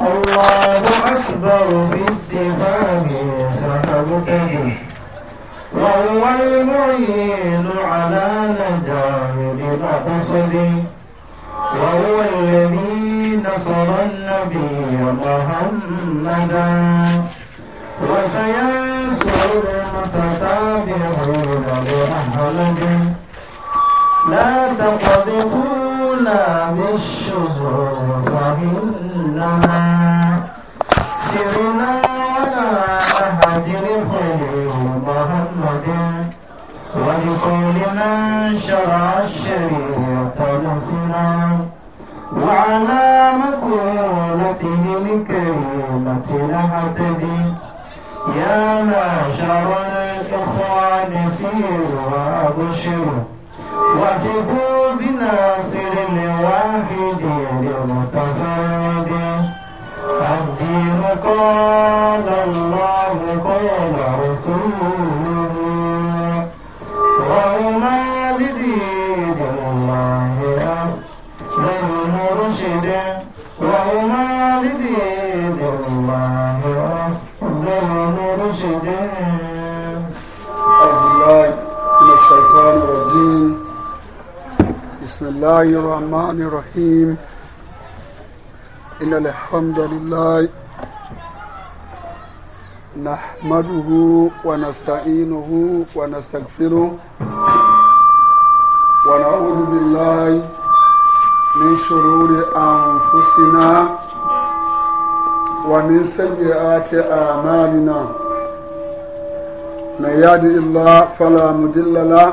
الله أكبر باتهام سحبته وهو المعين على نجاه بمقصدي وهو الذي نصر النبي محمدا وسينصر المتتابعون بأهله لا تقذفوا قلنا بالشذوذ فإنما سرنا على أحد لقول محمد ولقول من شرع الشريعة نسنا وعلى مقولته لكي نهتدي يا معشر الإخوان سيروا وأبشروا وثقوا بناصر الواحد للمتفرد الدين قال الله قال رسوله وهما لدين الله من مرشد وهما لدين الله من مرشد بسم الله الرحمن الرحيم إن الحمد لله نحمده ونستعينه ونستغفره ونعوذ بالله من شرور أنفسنا ومن سيئات أعمالنا من يهد الله فلا مضل له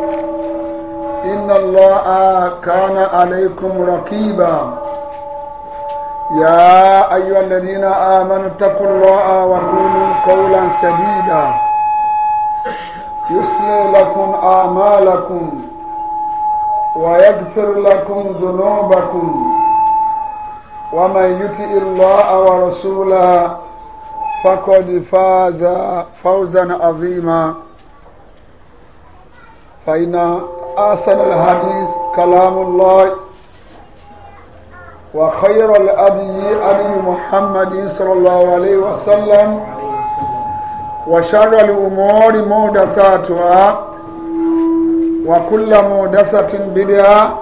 إن الله كان عليكم رقيبا يا أيها الذين آمنوا اتقوا الله وقولوا قولا سديدا يصلي لكم أعمالكم ويغفر لكم ذنوبكم ومن يطع الله ورسوله فقد فاز فوزا عظيما فإن أحسن الحديث كلام الله وخير الأدي أدي محمد صلى الله عليه وسلم وشر الأمور مودساتها وكل مودسة بدعة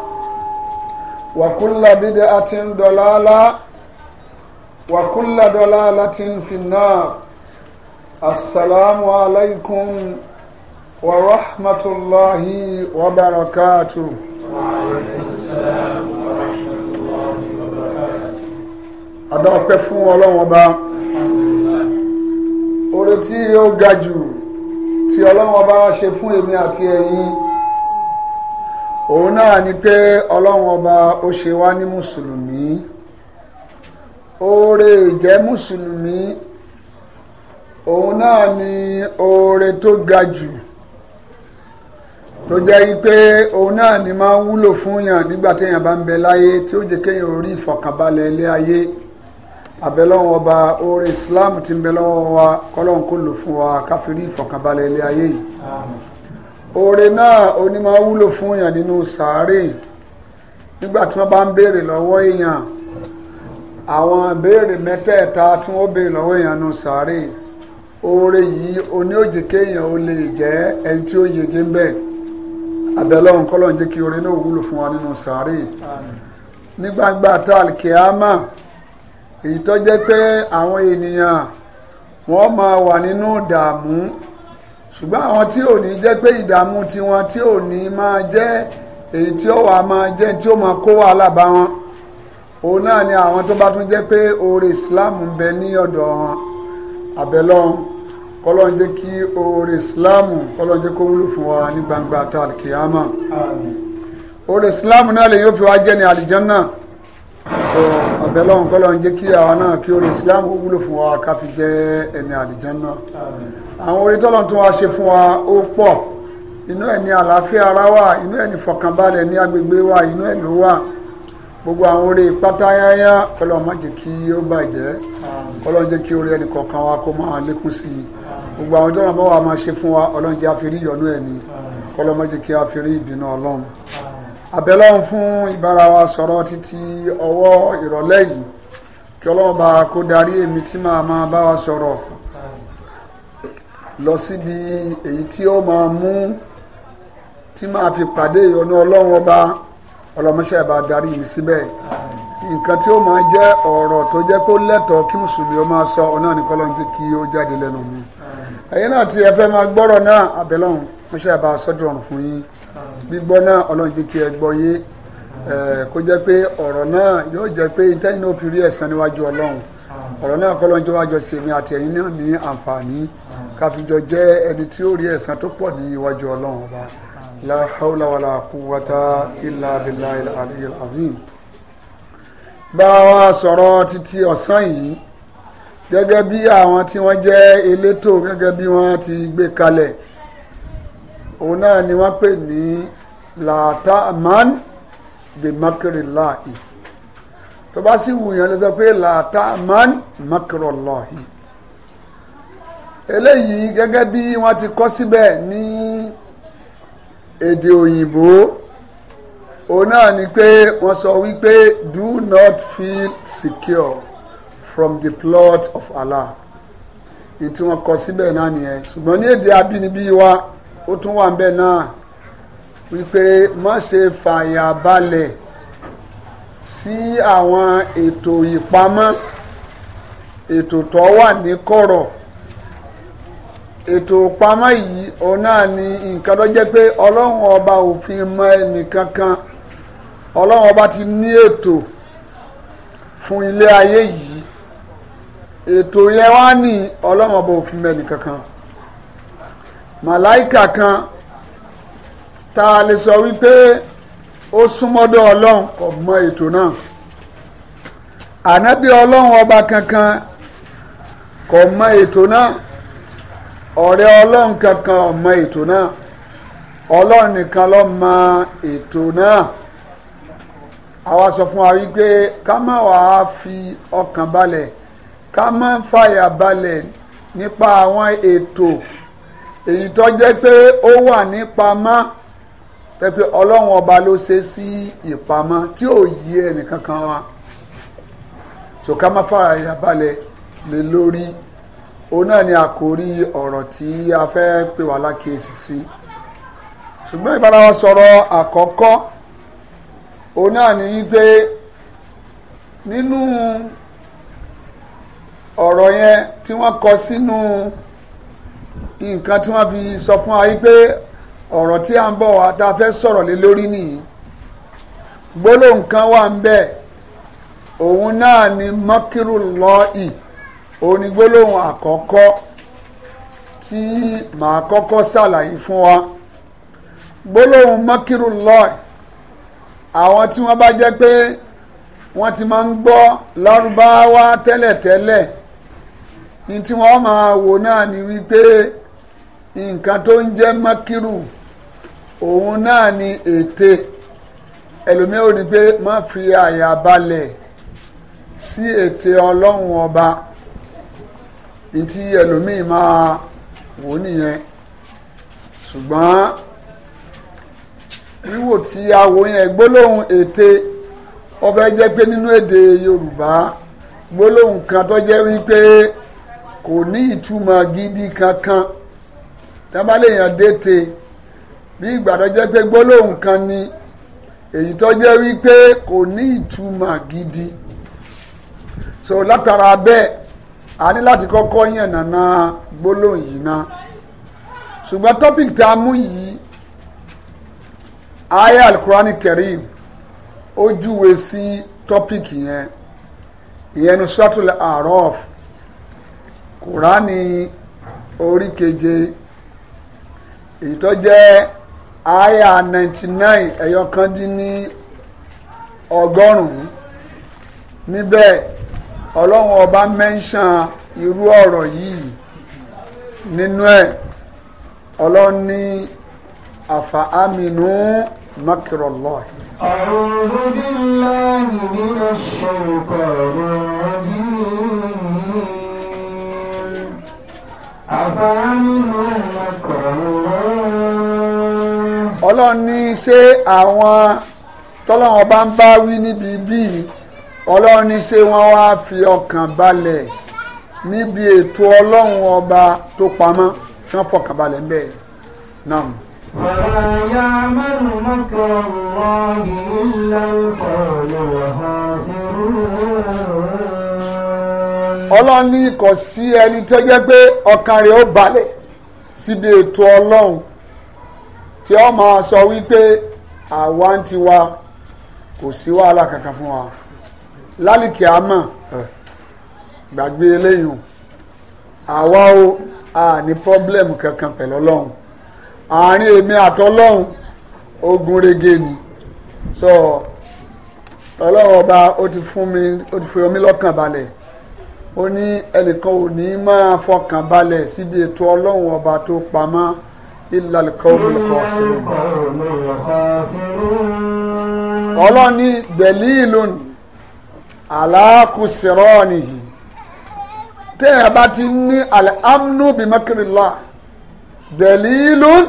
وكل بدعة ضلالة وكل ضلالة في النار السلام عليكم ورحمة الله وبركاته وعليكم السلام الله وبركاته adọ́pẹ́ fún ọlọ́run ọba oore tí ó ga jù tí ọlọ́run ọba ṣe fún èmi àti ẹ̀yin òun náà ni pé ọlọ́run ọba ó ṣe wá ní mùsùlùmí oore ìjẹ́ mùsùlùmí òun náà ni oore tó ga jù tó jẹ́ wípé òun náà ni máa ń wúlò fún yàn nígbà téèyàn bá ń bẹ láyé tí ó jẹ́ kéèyàn orí ìfọ̀kànbalẹ̀ ilé ayé abẹ́lọ́wọ́ ọba oore Islam ti ń bẹ lọ́wọ́ wa kọ́lọ́hún kó lò fún wa káfírí ìfọ̀kànbalẹ̀ ilé ayé yìí oore náà oní máa wúlò fún yàn nínú sàárè nígbà tí wọ́n bá ń béèrè lọ́wọ́ èèyàn àwọn béèrè mẹ́tẹ̀ẹ̀ta tí wọ́n béèrè lọ́wọ́ èèyàn nínú sàárè oore yìí oní òjì kéèyàn ó lè jẹ́ ẹni tí ó yege ń bẹ́ẹ̀ abẹ́lọ́run kọ́lọ́run jẹ́ kí orin náà wúlò fún wa nínú sàárè ní gbangba tal kíámà èyí tó jẹ́ pé àwọn ènìyàn wọ́n máa wà nínú ìdààmú ṣùgbọ́n àwọn tí ò ní jẹ́ pé ìdààmú tiwọn tí ò ní máa jẹ́ èyí tí ó wà máa jẹ́ tí ó máa kó wàhálà bá wọn òun náà ni àwọn tó bá tún jẹ́ pé oore Islam ń bẹ ní ọ̀dọ̀ wọn abẹ́lọ́run kọ́lọ́n jẹ́ kí oore ìsìláàmù kọ́lọ́n jẹ́ kó wúlò fún wa ní gbangba ta alkiyama oore ìsìláàmù náà lè yóò fi wá jẹ́ ní àlìjánná so àbẹ̀lọ́hùn kọ́lọ́n jẹ́ kí àwa náà kí oore ìsìláàmù kó wúlò fún wa ká fi jẹ́ ẹni àlìjánná àwọn oore tọ́lọ́n tún wá ṣe fún wa ó pọ̀ inú ẹ̀ ní àlàáfíà ara wà inú ẹ̀ ní fọkànbalẹ̀ ní agbègbè wa inú ẹ̀ ló wà gbogbo àwọn orí pátáyáyá kọlọ́ọ̀ má jẹ́ kí ó bàjẹ́ kọlọ́ọ̀ jẹ́ kí orí ẹnì kọ̀ọ̀kan wa kó máa lékún sí i gbogbo àwọn tó wọn bá wà máa ṣe fún wa ọlọ́run jẹ́ àfẹ́rí ìyọnú ẹ̀ ni kọlọ́mọ́jì kí àfẹ́rí ìbínú ọlọ́run àbẹ́lọ́run fún ìbára wa sọ̀rọ̀ títí ọwọ́ ìrọ̀lẹ́ yìí kí ọlọ́run bá kó darí èmi tí màá máa bá wa sọ̀rọ̀ lọ síbi èyí tí ó máa mú tí máa fi pàdé ìyọnú ọlọ́run ọba ọlọ́mọṣẹ́ bá darí mi síbẹ̀ nǹkan tí ó máa jẹ́ ọ̀rọ̀ tó jẹ́ pé ó lẹ́tọ̀ọ́ kí mùsùlùmí ó máa sọ ọ̀nà nìkan lọ́nà tí kí ó jáde lẹ́nu mi ẹ̀yin náà tí ẹ fẹ́ máa gbọ́rọ̀ náà abẹ́lọ́run mo ṣe àbá sọ́dọ̀rùn fún yín gbígbọ́ náà ọlọ́run jẹ́ kí ẹ gbọ́ yé kó jẹ́ pé ọ̀rọ̀ náà yóò jẹ́ pé ìtẹ́yìn náà fi rí ẹ̀san níwájú ọlọ́run ọ̀rọ̀ náà kọ́lọ́run jọ wájọ sí èmi àti ẹ̀yin náà ní àǹfààní káfíjọ jẹ́ ẹni tí ó rí ẹ̀san tó pọ̀ ní iwájú ọlọ́run ọba la hawla wala quwwata illa billahi al-aliyyil azim bá wa sọ̀rọ̀ títí ọ̀sán yìí gẹ́gẹ́ bí àwọn tí wọ́n jẹ́ elétò gẹ́gẹ́ bí wọ́n ti gbé kalẹ̀ òun náà ni wọ́n pè ní làtàmán bimakirilahi tó bá sì wùyàn lè sọ pé làtàmán makirọlọhi eléyìí gẹ́gẹ́ bí wọ́n ti kọ́ síbẹ̀ ní èdè òyìnbó òun náà ni pé wọ́n sọ wípé do not feel secure from the plot of Allah ní tí wọ́n kọ síbẹ̀ náà nìyẹn ṣùgbọ́n ní èdè abínibí wa ó tún wà níbẹ̀ náà wípé má ṣe fàyà balẹ̀ sí àwọn ètò ìpamọ́ ètò tó wà ní kọ̀rọ̀ ètò ìpamọ́ yìí òun náà ni nǹkan tó jẹ́ pé ọlọ́run ọba ò fi mọ ẹnìkankan ọlọ́run ọba ti ní ètò fún ilé ayé yìí ètò yẹn wá ní ọlọ́wọ́n ọba fi kankan màláìkà kan ta lè sọ wípé ó súnmọ́dọ̀ ọlọ́run kò mọ ètò náà ànábì ọlọ́run ọba kankan kò mọ ètò náà ọ̀rẹ́ ọlọ́run kankan ọmọ ètò náà ọlọ́run nìkan ló mọ ètò náà àwa sọ fún wa wípé ká má wàá fi ọkàn balẹ̀ ká má fàyà balẹ̀ nípa àwọn ètò èyí tó jẹ́ pé ó wà nípamọ́ pẹ́pẹ́ ọlọ́run ọba ló ṣe sí ìpamọ́ tí ò yí ẹnìkankan wa so ká má fàyà balẹ̀ lé lórí òun náà ni àkórí ọ̀rọ̀ tí a fẹ́ pè wá lákèésí sí ṣùgbọ́n ìbára wa sọ̀rọ̀ àkọ́kọ́ òun náà ni wípé nínú ọ̀rọ̀ yẹn tí wọ́n kọ sínú nǹkan tí wọ́n fi sọ fún wa wípé ọ̀rọ̀ tí a ń bọ̀ wá tá a fẹ́ sọ̀rọ̀ lé lórí nìyí gbólóhùn kan wà ń bẹ òun náà ni mọ́kírù lọ́ọ̀ì òun ni gbólóhùn àkọ́kọ́ tí màá kọ́kọ́ ṣàlàyé fún wa gbólóhùn mọ́kírù lọ́ọ̀ì àwọn tí wọ́n bá jẹ́ pé wọ́n ti máa ń gbọ́ lárúbáwá tẹ́lẹ̀tẹ́lẹ̀ ní tí wọ́n máa wò náà ni wípé nǹkan tó ń jẹ́ mákírù òun náà ni ète ẹlòmíì ò ní pé má fi àyà balẹ̀ sí ète ọlọ́run ọba ní tí ẹlòmíì máa wò nìyẹn ṣùgbọ́n wíwò tí a wò yẹn gbólóhùn ète ó jẹ́ pé nínú èdè Yorùbá gbólóhùn kan tó jẹ́ wípé kò ní ìtumọ̀ gidi kankan tábàlẹ̀yàn dété bí ìgbà tó jẹ́ pé gbólóhùn kan ni èyí tó jẹ́ wípé kò ní ìtumọ̀ gidi so látara bẹ́ẹ̀ a ní láti kọ́kọ́ yàn nàna gbólóhùn yìí ná ṣùgbọ́n topic tá a mú yìí aya alukurani karim ó sí topic yẹn ìyẹn ní suratul Araf kùránì orí keje èyí tó jẹ́ àyà 99 ẹ̀yọ kan dín ní ọgọ́rùn-ún níbẹ̀ ọlọ́run ọba mẹ́ńsàn irú ọ̀rọ̀ yìí nínú ẹ̀ ọlọ́run ní àfà àmìnú أعوذ بالله من الشيطان الرجيم ọlọ́run ní ṣé àwọn tọ́lọ́run bá ń bá wí níbi bíi ọlọ́run ní ṣé wọ́n wá fi ọkàn balẹ̀ níbi ètò ọlọ́run ọba tó pamọ́ tí wọ́n fọkàn balẹ̀ ń bẹ̀ náà. Wàlá yá mẹ́nu mọ́kà wọ́n ní ilé ìfọ̀lọ́wọ́ sí rúrú ọlọ́run ní kò sí ẹni tó jẹ́ pé ọkàn rẹ̀ ó balẹ̀ síbi ètò ọlọ́run tí ó máa sọ wípé àwa ń tiwa kò sí wàhálà kankan fún wa lálìkì àmọ́ eh. gbàgbé eléyìí àwa o a ní pọ́blẹ́mù kankan pẹ̀lú ọlọ́run àárín èmi àtọlọ́run ogun rege ni so ọlọ́run ọba ó ti fún mi ó ti fi omi lọ́kàn balẹ̀ ó ní ẹnìkan ò ní máa fọkàn balẹ̀ síbi ètò ọlọ́run ọba tó pamọ́ illa al-qawmul khasirun. ọlọ́run ní dalilun ala khusranihi tẹ́ ẹ bá ti ní al-amnu bi makrillah dalilun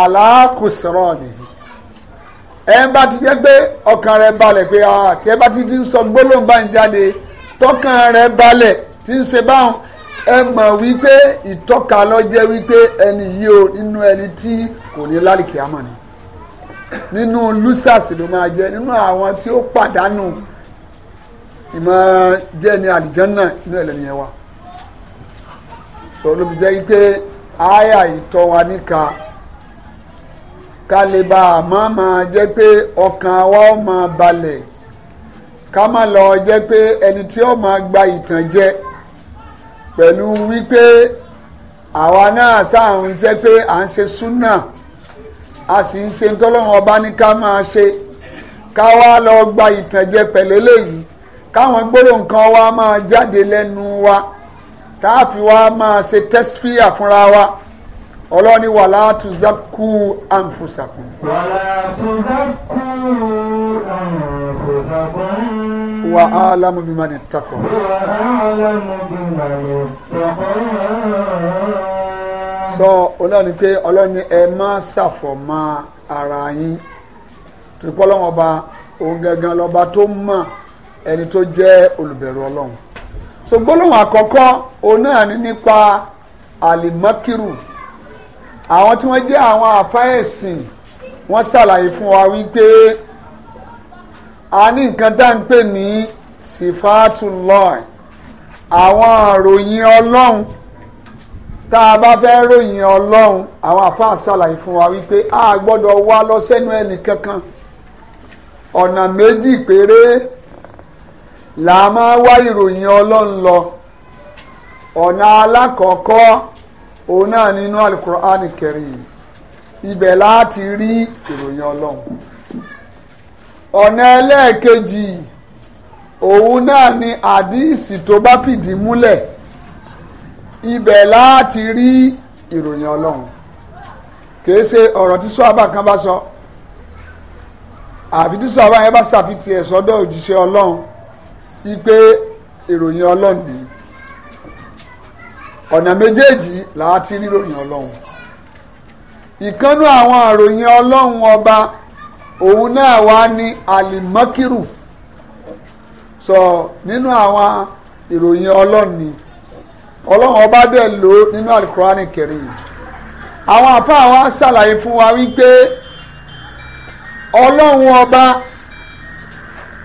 ala khusranihi ẹ bá ti jẹ́ pé ọkàn rẹ̀ balẹ̀ pé àti ah, bá ti ti ń sọ gbólóhùn báyìí jáde tọkàn rẹ̀ balẹ̀ tí ń ṣe báwọn ẹ mọ̀ wípé ìtọ́ka ló jẹ́ wípé ẹni yìí o nínú ẹni tí kò ní lálìkì àmọ́ ni nínú lùsàsì ló máa jẹ nínú àwọn tí ó pàdánù ìmọ̀ jẹ́ ní àlìjánná inú ẹlẹ́ni yẹn wà sọ ló fi jẹ́ wípé àyà ìtọ́ wa níka ká lè bá a má máa jẹ́ pé ọkàn wa ó máa balẹ̀ ká má lọ jẹ́ pé ẹni tí ó máa gba ìtànjẹ pẹ̀lú wípé àwa náà sáà ń jẹ́ pé à ń ṣe súnà a sì ń ṣe tọ́lọ́run ọba ní ká máa ṣe ká wá lọ gba ìtànjẹ pẹ̀lẹ́lẹ̀ yìí káwọn gbólóhùn kan wá máa jáde lẹ́nu wa táàfin wa máa ṣe tẹ́sífíà fúnra wa ọlọ́ni wà látú zákú àǹfùsàkùn. wà látú zákú àǹfùsàkùn wa alamu bí mani takọ. sọ ọlọ́ni pé ọlọ́ni ẹ má ṣàfọ̀ mọ́ ara yín tìpọ́ lọ́wọ́ ọba òun gangan lọ́ba tó mọ̀ ẹni tó jẹ́ olùbẹ̀rù ọlọ́run so gbólóhùn àkọ́kọ́ òun náà ní nípa alimakiru àwọn tí wọ́n jẹ́ àwọn àfáà ẹ̀sìn wọ́n ṣàlàyé fún wa wípé. a ní nǹkan tá à ń pè ní sifatullah àwọn àròyìn ọlọ́run tá a bá fẹ́ ròyìn ọlọ́run àwọn àfáà ṣàlàyé fún wa wípé a gbọ́dọ̀ wá lọ sẹ́nu ẹnì kankan ọ̀nà méjì péré là á máa wá ìròyìn ọlọ́run lọ ọ̀nà alákọ̀ọ́kọ́ òun náà nínú alukur'an kẹrin ibẹ̀ láti rí ìròyìn ọlọ́run. ọ̀nà ẹlẹ́ẹ̀kejì òun náà ni àdíìsì tó bá fìdí múlẹ̀ ibẹ̀ láti rí ìròyìn ọlọ́run kìí ṣe ọ̀rọ̀ tí sọ́ọ́bà kan bá sọ àbí tí sọ́ọ́bà yẹn bá ṣàfitì ẹ̀ sọ́dọ̀ òjíṣẹ́ ọlọ́run wípé ìròyìn ọlọ́run ni ọ̀nà méjèèjì láti rí ìròyìn ọlọ́run ìkánú àwọn ìròyìn ọlọ́run ọba òun náà wá ní alimakiru sọ nínú àwọn ìròyìn ọlọ́run ni ọlọ́run ọba dẹ̀ lò nínú alukurani kẹrin àwọn àfáà wa ṣàlàyé fún wa wípé ọlọ́run ọba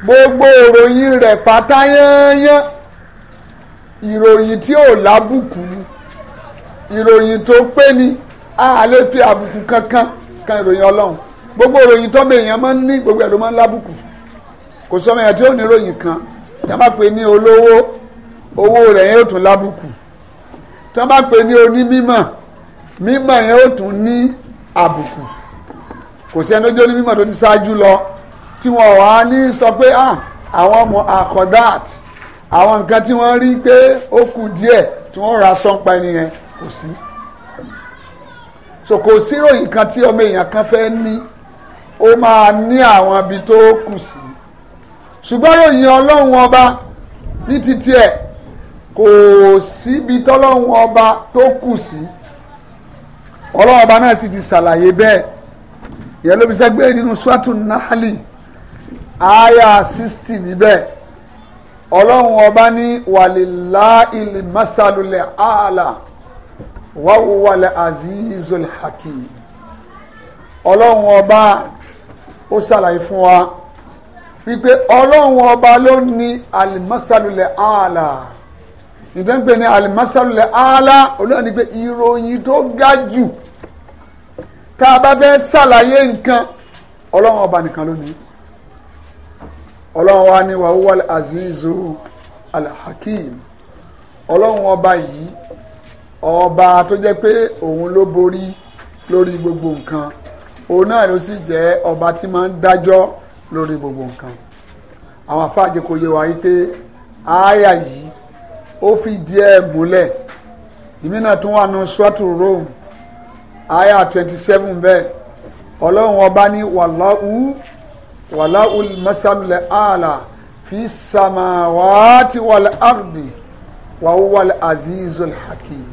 gbogbo ìròyìn rẹ̀ pátá yẹ́nyẹ́ ìròyìn tí ò lábùkù ìròyìn tó pé ni a lè fi àbùkù kankan kan ìròyìn ọlọ́run gbogbo ìròyìn tọ́mọ èèyàn máa ń ní gbogbo ẹ̀ ló máa ń lábùkù kò sọmọ èèyàn tí ó ní ìròyìn kan tí wọ́n bá pè ní olówó owó rẹ̀ yẹn ó tún lábùkù tí wọ́n bá pè ní onímímọ̀ mímọ̀ yẹn ó tún ní àbùkù kò sí ẹni ojú onímímọ̀ tó ti ṣáájú lọ tí wọ́n wá ní sọ pé ah, àwọn ọmọ àkọ́dát àwọn nǹkan tí wọ́n rí pé ó kù díẹ̀ tí wọ́n ra sọ́npa ẹni kò sí so kò sí ìròyìn kan tí ọmọ èèyàn kan fẹ́ ní ó máa ní àwọn ibi tó kù sí ṣùgbọ́n ròyìn ọlọ́run ọba ní titi ẹ̀ kò síbi tọ́lọ́run ọba tó kù sí ọlọ́run ọba náà sì ti ṣàlàyé bẹ́ẹ̀ ìyẹn ló fi ṣe gbé nínú swatun nahali aya sixty níbẹ̀ ọlọ́run ọba ní wàlílá ilẹ̀ masalulẹ̀ ààlà wàhùwàlẹ̀ azizul hakim ọlọ́run ọba ó ṣàlàyé fún wa wípé ọlọ́run ọba ló ní alimasalulẹ̀ ààlà ìtẹ́ ń pè ní alimasalulẹ̀ ààlà olóòní pé ìròyìn tó ga jù tá a bá fẹ́ ṣàlàyé nǹkan ọlọ́run ọba nìkan ló ní ọlọ́run wa ni wàhùwà azizu alhakim ọlọ́run ọba yìí ọba tó jẹ́ pé òun ló borí lórí gbogbo nǹkan òun náà ló sì jẹ́ ọba tí máa ń dájọ́ lórí gbogbo nǹkan àwọn afáàjẹ kò yé wa yí pé àáyà yìí ó fi díẹ̀ múlẹ̀ ìmínà tún wà nù swatu Rome àáyà twenty seven bẹ́ẹ̀ ọlọ́run ọba ní wàláhù wàláhù masalulẹ̀ àlà fi sàmáwáátì wàlẹ̀ àrùdì wàhùwàlẹ̀ azizul hakim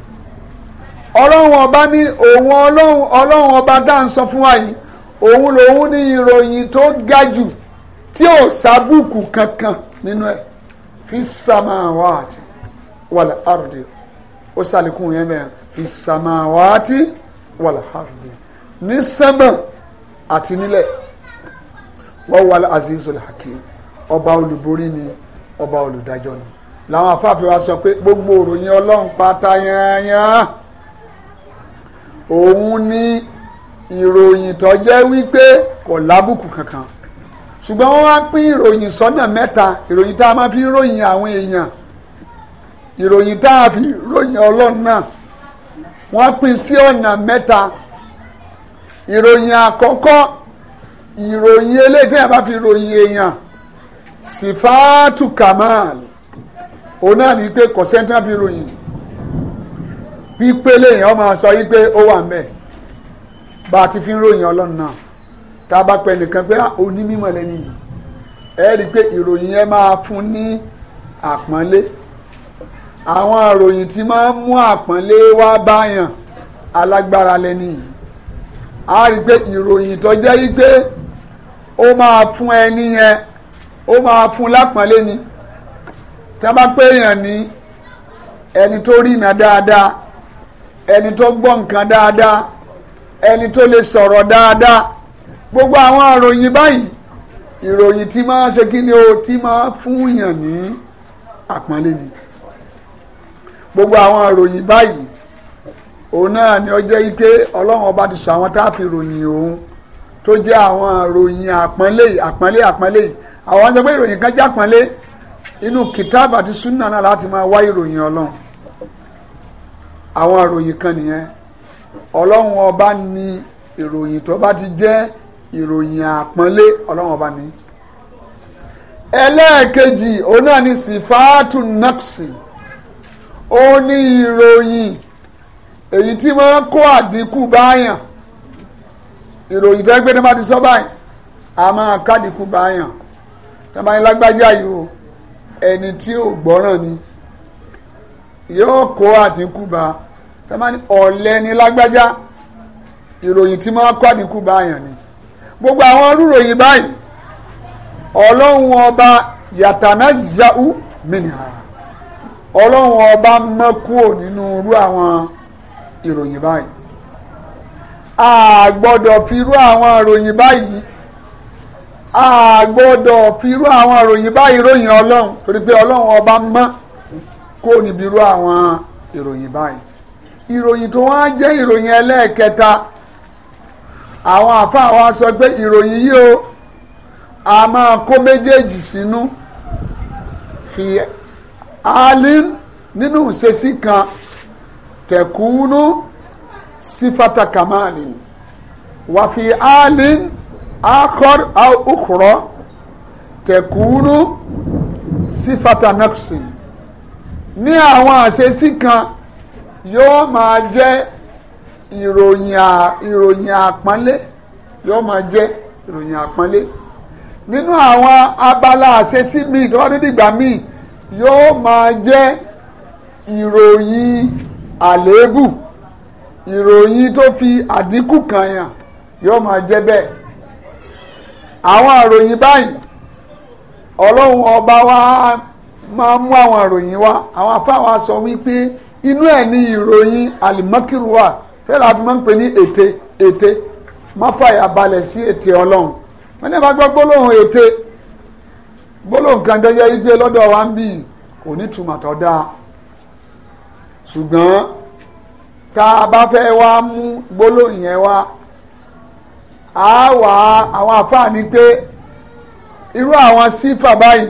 ọlọ́run ọba ní òun ọlọ́run ọlọ́run ọba dáǹsọ fún wa yìí òun lòun ní ìròyìn tó ga jù tí ò sábùkù kankan nínú ẹ̀ fi samawati wàlẹ̀ àrùdì ó sàlékún yẹn bẹ́ẹ̀ fi samawati wàlẹ̀ àrùdì ní sẹ́mà àti nílẹ̀ wọ́n wàlẹ̀ azizul hakim ọba olùborí ni ọba olùdájọ́ ni làwọn afáfẹ́ wa sọ pé gbogbo òròyìn ọlọ́run pátá yẹn yẹn òun ni ìròyìn tó jẹ́ wípé kò lábùkù kankan ṣùgbọ́n wọ́n wá pín ìròyìn sọ́nà mẹ́ta ìròyìn tá a máa fi ròyìn àwọn èèyàn ìròyìn tá a fi ròyìn ọlọ́run náà wọ́n pín sí ọ̀nà mẹ́ta ìròyìn àkọ́kọ́ ìròyìn eléyìí tí a bá fi ròyìn èèyàn sifatu kamal òun náà ní pé kọ̀sẹ́ńtà fi ròyìn wípé lèyìn ọmọ sọ wípé ó wà mẹ́ bá a ti fi ń ròyìn ọlọ́run náà tá a bá pẹ nìkan pé onímọ̀ lẹ́ni yìí ẹ rí i pé ìròyìn yẹn máa fún ní àpọ́nlé àwọn ìròyìn tí máa ń mú àpọ́nlé wá báyàn alágbára lẹ́ni yìí a rí i pé ìròyìn tó jẹ́ wípé ó máa fún ẹni yẹn ó máa fún lápọ́nlé ni tí a bá pé èèyàn ní ẹni tó rí iná dáadáa ẹni tó gbọ́ nǹkan dáadáa ẹni tó lè sọ̀rọ̀ dáadáa gbogbo àwọn àròyìn báyìí ìròyìn tí máa ṣe kí ni o tí máa fún yàn ní àpọ́nlé ni gbogbo àwọn àròyìn báyìí òun náà ni ó jẹ́ pé ọlọ́run ọba ti sọ àwọn táàfin ròyìn òun tó jẹ́ àwọn àròyìn àpọ́nlé àpọ́nlé àpọ́nlé àwọn sọ pé ìròyìn kan jẹ́ àpọ́nlé inú kìtáàbù àti súnà náà láti máa wá ìròyìn ọlọ́run àwọn ìròyìn kan nìyẹn ọlọ́run ọba ní ìròyìn tó bá ti jẹ́ ìròyìn àpọ́nlé ọlọ́run ọba ní. ẹlẹ́ẹ̀kejì òun náà ni sifaatu naqsi ó ní ìròyìn èyí tí máa ń kó àdínkù báyàn ìròyìn tó ń gbé ní sọ báyìí a máa kádìnkù báyàn tó lágbájá yìí o ẹni tí ò gbọ́ràn ni yóò kó àdínkù bá tẹ́mání ọ̀lẹ ni lágbájá ìròyìn tí máa kó àdínkù bá yàn ni gbogbo àwọn rúròyìn báyìí ọlọ́run ọba yàtàná zau mìnìhà ọlọ́run ọba mọ́ kúrò nínú irú àwọn ìròyìn báyìí a gbọ́dọ̀ fi irú àwọn ìròyìn báyìí a gbọ́dọ̀ fi irú àwọn ìròyìn báyìí ròyìn ọlọ́run torí pé ọlọ́run ọba mọ́ kó níbi irú àwọn ìròyìn báyìí ìròyìn tó wọ́n jẹ́ ìròyìn ẹlẹ́ẹ̀kẹta àwọn àfáà wa sọ pé ìròyìn yìí o a máa kó méjèèjì sínú fi alin nínú ìṣesí kan tẹ̀kúnú sífàtà kamalin wà fi alin akọ́r àkùrọ̀ tẹ̀kúnú sífàtà naqsin ní àwọn àṣesí kan yóò máa jẹ́ ìròyìn ìròyìn àpọ́nlé yóò máa jẹ́ ìròyìn àpọ́nlé nínú àwọn abala àṣesí míì tó bá dé dìgbà míì yóò máa jẹ́ ìròyìn àléébù ìròyìn tó fi àdínkù kan yàn yóò máa jẹ́ bẹ́ẹ̀ àwọn àròyìn báyìí ọlọ́run ọba wa máa mú àwọn ìròyìn wá àwọn afáwa sọ wípé inú ẹ̀ ní ìròyìn alimakiru wa fẹ́ẹ́ láti máa ń pè ní ète ète má fàyà balẹ̀ sí ète ọlọ́run wọ́n ní ìbá gbọ́ gbólóhùn ète gbólóhùn kan dẹ́jẹ́ igbe lọ́dọ̀ wa ń bì kò ní túmọ̀ tó dáa ṣùgbọ́n tá a bá fẹ́ wá mú gbólóhùn yẹn wá a wà àwọn àfáà ní pé irú àwọn sífà báyìí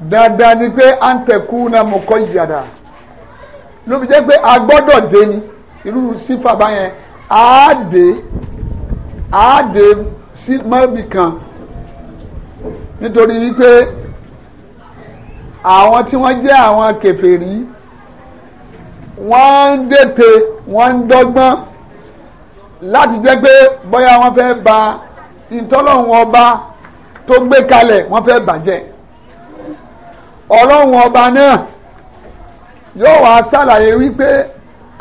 dandan ni pé à ń tẹ̀kú náà mo kọ́ yàrá ló fi jẹ́ pé a gbọ́dọ̀ dé ni irú sífà báyẹn á dé á dé sí mọ́bì kan nítorí wípé àwọn tí wọ́n jẹ́ àwọn kèfèrí wọ́n ń dètè wọ́n ń dọ́gbọ́n láti jẹ́ pé bóyá wọ́n fẹ́ ba ìtọ́lọ́hún ọba tó gbé kalẹ̀ wọ́n fẹ́ bàjẹ́ ọlọ́run ọba náà yóò wá ṣàlàyé wípé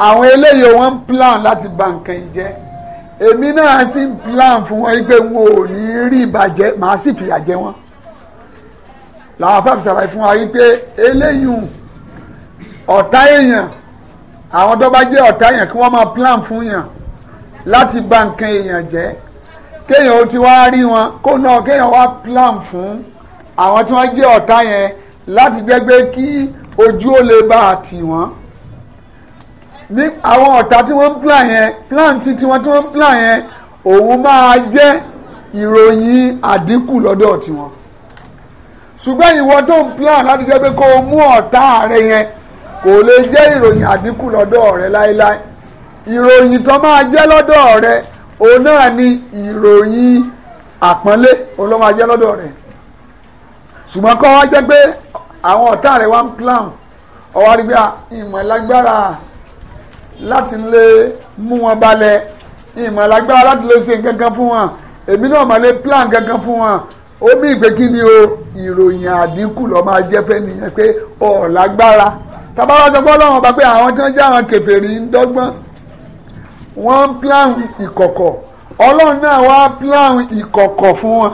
àwọn eléyìí wọ́n plan láti ba nǹkan yìí jẹ́ èmi náà sì ń plan fún wọn wípé wọn ò ní rí ìbàjẹ́ màá sì fìyà jẹ wọn làwọn afẹ́ ṣàlàyé fún wa wípé eléyìí ọ̀tá èèyàn àwọn tó bá jẹ́ ọ̀tá èèyàn kí wọ́n máa plan fún yàn láti ba nǹkan èèyàn jẹ́ kéèyàn ó ti wá rí wọn kó náà kéèyàn wá plan fún àwọn tí wọ́n jẹ́ ọ̀tá yẹn láti jẹ́ pé kí ojú ó lè bá a tì wọ́n ní àwọn ọ̀tá tí wọ́n ń plan yẹn plan ti tiwọn tí wọ́n ń plan yẹn òun máa jẹ́ ìròyìn àdínkù lọ́dọ̀ tiwọn ṣùgbọ́n ìwọ tó ń plan láti jẹ́ pé kó o mú ọ̀tá rẹ yẹn kò lè jẹ́ ìròyìn àdínkù lọ́dọ̀ rẹ láéláé ìròyìn tó máa jẹ́ lọ́dọ̀ rẹ òun náà ni ìròyìn àpọ́nlé òun ló máa jẹ́ lọ́dọ̀ rẹ ṣùgbọ́n kọ́ wá jẹ́ pé àwọn ọ̀tá rẹ̀ wá ń plan ọwọ́ rí bí ìmọ̀ lágbára láti lè mú wọn balẹ̀ ìmọ̀ lágbára láti lè ṣe nǹkan kan fún wọn èmi náà mà lè plan kankan fún wọn ó mí ìgbé kí ni o ìròyìn àdínkù ló máa jẹ́ fẹ́ nìyẹn pé ọ̀ lágbára sọ pé ọlọ́run ọba pé àwọn tí wọ́n jẹ́ àwọn kèfèrí ń dọ́gbọ́n wọ́n plan ìkọ̀kọ̀ ọlọ́run náà wá plan ìkọ̀kọ̀ fún wọn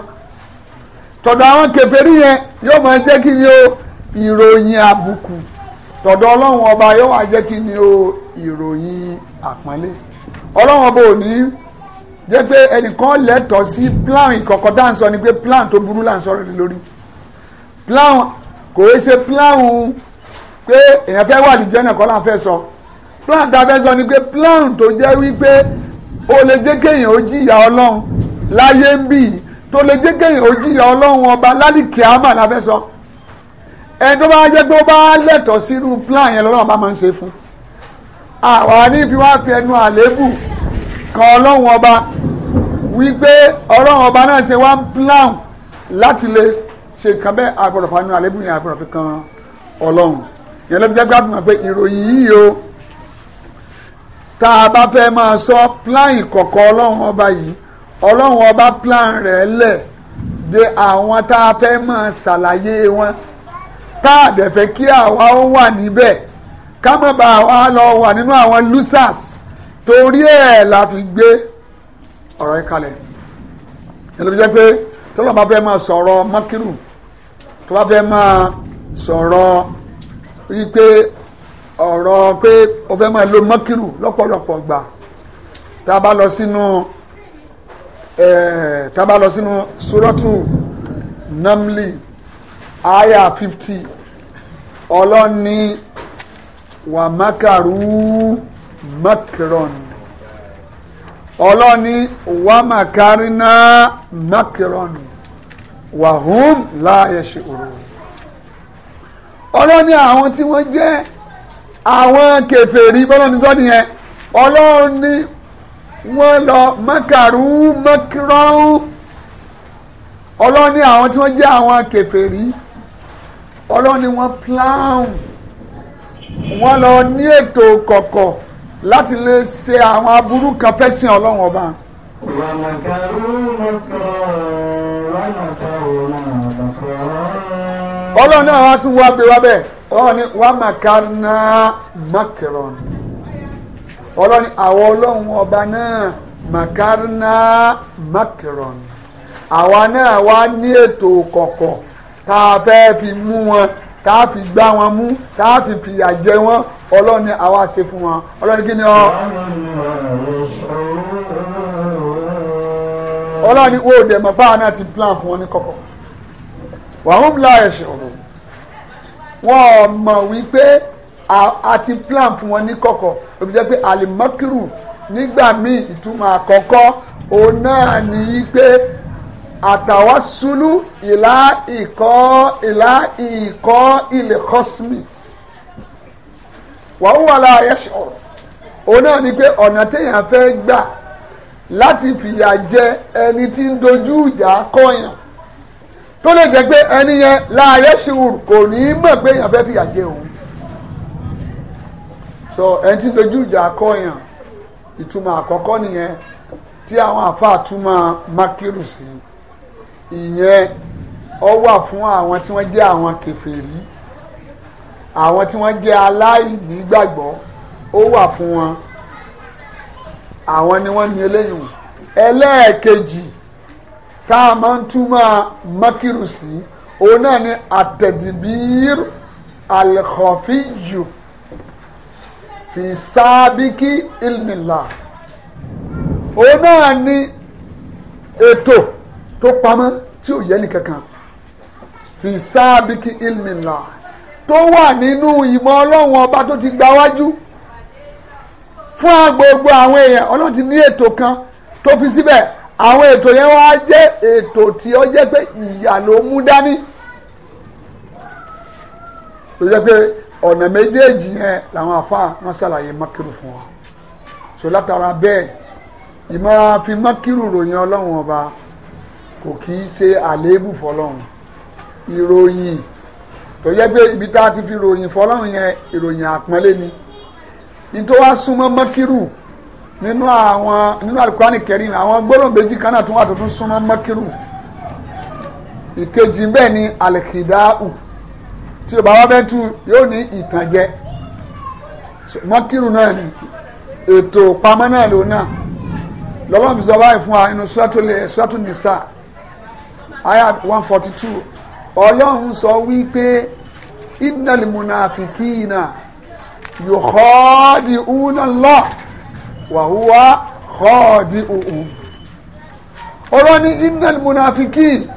tọ̀dọ̀ àwọn kèfèrí yẹn yóò máa jẹ́ kí ni o ìròyìn àbùkù tọ̀dọ̀ ọlọ́run ọba yóò wá jẹ́ kí ni o ìròyìn àpọ́nlé ọlọ́run ọba ò ní jẹ́ pé ẹnìkan lẹ́tọ̀ọ́ sí plan ìkọ̀kọ̀ dáńsọ ni pé plan tó burú là ń sọ̀rọ̀ lórí plan kò é ṣe plan pé èèyàn fẹ́ wà lìjẹ́ náà kọ́ là ń fẹ́ sọ plan tá a fẹ́ sọ ni pé plan tó jẹ́ wípé o lè jẹ́ kéèyàn ó jìyà ọlọ́run láyé ń bì í tó lè jẹ́ kéèyàn ó jìyà ọlọ́run ọba lálìkí àmà la fẹ́ sọ ẹni tó bá jẹ́ pé ó bá lẹ́tọ̀ọ́ sínú plan yẹn lọ́lọ́run ọba máa ń ṣe fún àwa ní fi wá fi ẹnu àléébù kan ọlọ́run ọba wípé ọlọ́run ọba náà ṣe wá ń plan láti lè ṣe nǹkan bẹ́ẹ̀ àgbọ̀dọ̀ fanu àléébù yẹn àgbọ̀dọ̀ fi kan ọlọ́run yẹn ló fi jẹ́ gbàgbọ́n pé ìròyìn yìí o tá a bá fẹ́ máa sọ plan ìkọ̀kọ̀ ọlọ́run ọba yìí ọlọ́run ọba plan rẹ̀ lẹ̀ de àwọn tá a fẹ́ máa ṣàlàyé wọn tá a dẹ̀ fẹ́ kí àwa ó wà níbẹ̀ ká má bàa wá lọ wà nínú àwọn losers torí ẹ̀ la fi gbé ọ̀rọ̀ yẹn kalẹ̀ ẹ̀ ló fi jẹ́ pé tọ́lọ́ bá fẹ́ máa sọ̀rọ̀ mọ́kírù tó bá fẹ́ máa sọ̀rọ̀ wípé ọ̀rọ̀ pé o fẹ́ máa lo mọ́kírù lọ́pọ̀lọpọ̀ gbà tá a bá lọ sínú. No, tá bá lọ namli aya fifty ọlọ́ni wàmákàrú makron ọlọ́ni wàmákàrínà makron wàhún láàyè ṣe òru ọlọ́ni àwọn tí wọ́n jẹ́ àwọn kèfèrí bọ́lá ní sọ́ni yẹn wọ́n lọ mọ́kàrú mọ́kírọ́rún ọlọ́ni àwọn tí wọ́n jẹ́ àwọn kèfèrí ọlọ́ni wọ́n plan wọ́n lọ ní ètò kọ̀kọ̀ láti lè ṣe àwọn aburú kan fẹ́sìn ọlọ́run ọba. ọlọ́run náà wá tún wá bẹ́ẹ̀ wá bẹ́ẹ̀ ọlọ́run ni wàá màkà ọlọ́ni àwọn ọlọ́run ọba náà makarna makiron àwa náà wá ní ètò kọ̀kọ̀ tá a fẹ́ fi mú wọn tá a fi gbá wọn mú tá a fi fìyà jẹ wọn ọlọ́ni àwa ṣe fún wọn ọlọ́ni kí ni ọ. ọlọ́ni wo dẹ̀mọ̀ báwa náà ti plan fún wọn ní kọ̀kọ̀ wàhùn láyé ṣòro wọn mọ̀ wípé a ti plan fún wọn ní kọ̀kọ̀ òbí jẹ́ pé alimakiru nígbà míì ìtumọ̀ àkọ́kọ́ òun náà ní í pé àtàwásúlù ìlà ìkọ́ ìlà ìkọ́ ilẹ̀ kọ́sìmì wàhùwàlà ayẹ́sọ̀ òun náà ní pé ọ̀nà téèyàn fẹ́ gbà láti fìyà jẹ ẹni tí ń dojú ìjà kọyàn tó lè jẹ́ pé ẹni yẹn láàyè ṣùgbọ́n kò ní í mọ̀ pé èèyàn fẹ́ fìyà jẹ òun so ẹni tí dojú ìjà kọyàn ìtumọ̀ àkọ́kọ́ nìyẹn tí àwọn àfáà túmọ̀ mákírù sí ìyẹn ó wà fún àwọn tí wọ́n jẹ́ àwọn kèfèrí àwọn tí wọ́n jẹ́ aláìnígbàgbọ́ ó wà fún wọn àwọn ni wọ́n ní eléyìí ẹlẹ́ẹ̀kejì tá a máa ń túmọ̀ mákírù sí òun náà ni àtẹ̀dìbíir alkhafiyyu fi sábìkì ilmìlá òun náà ni ètò tó pamọ́ tí ò yẹ nìkankan fi sábìkì ilmìlá tó wà nínú ìmọ̀ ọlọ́run ọba tó ti gbáwájú fún gbogbo àwọn èèyàn ọlọ́run ti ní ètò kan tó fi síbẹ̀ àwọn ètò yẹn wá jẹ́ ètò tí ó jẹ́ pé ìyà ló mú dání tó jẹ́ pé ọ̀nà méjèèjì yẹn làwọn afa wọn ṣàlàyé makiru fún wa so látara bẹ́ẹ̀ ìmọ̀ra fi makiru ròyìn ọlọ́run ọba kò kì í ṣe àléébù fọlọ́run ìròyìn tó yẹ pé ibi tá a ti fi ròyìn fọlọ́run yẹn ìròyìn àpọ́nlé ni nítorí wàá súnmọ́ makiru nínú àwọn nínú alukurani kẹrin àwọn gbólóhùn méjì kan náà tún wà tó tún súnmọ́ makiru ìkejì bẹ́ẹ̀ ni alikidau tí o bá wá bẹ́ẹ̀ tú yóò ní ìtànjẹ mọ́kìrù náà ni ètò pamọ́ náà ló náà lọ́wọ́ mi sọ báyìí fún wa inú sọ́tò nìsà aya one forty two ọlọ́run sọ wípé innal munafikina yukhadi'una Allah wa huwa khadi'uhum ọlọ́ni innal munafikina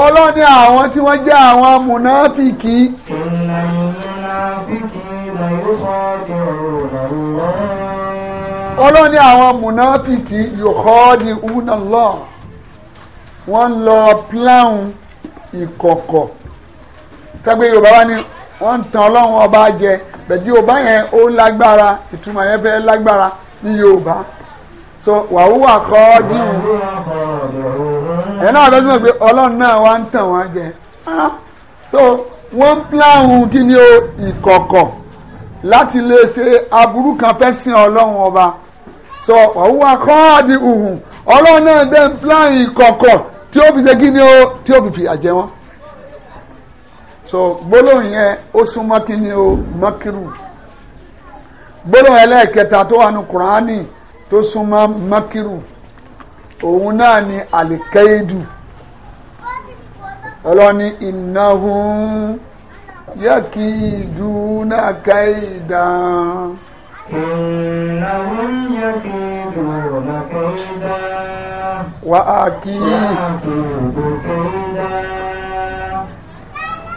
ọlọ́run ní àwọn tí wọ́n jẹ́ àwọn mùnáfìkì. ọlọ́run ní àwọn mùnáfìkì una wúnàlọ́ wọ́n ń lọ pílánù ìkọ̀kọ̀ tẹ́gbẹ́ yorùbá wa ni wọ́n ń tan ọlọ́run ọba jẹ bẹ̀tí yorùbá yẹn ó lágbára ìtumọ̀ yẹn fẹ́ lágbára ní yorùbá so wàhùwà kọ́ ọ́ ẹ̀yìn náà lọ́dún pé ọlọ́run náà wá ń tàn wọ́n jẹ ah, so wọ́n pláhùn kí ni o ìkọ̀kọ̀ láti lè ṣe aburú kan fẹ́ sin ọlọ́run ọba so ọ̀húnwá kọ́ọ̀dì hùhùn ọlọ́run náà dẹ́ ń pláhùn ìkọ̀kọ̀ tí ó fi ṣe kí ni o tí ó fi fìyà jẹ wọ́n so gbólóhùn yẹn ó súnmọ́ kí ni o mọ́kírù gbólóhùn ẹlẹ́ẹ̀kẹta tó wà ní kùránì tó súnmọ́ mọ́kírù òun náà ni alikaidu ọlọ́ni ìnáhùn yẹ kí ìdúnà kaida. ìnáhùn yẹ kí ìdúnà kaida. wà á kí. wà á kí ìdúnà kaida.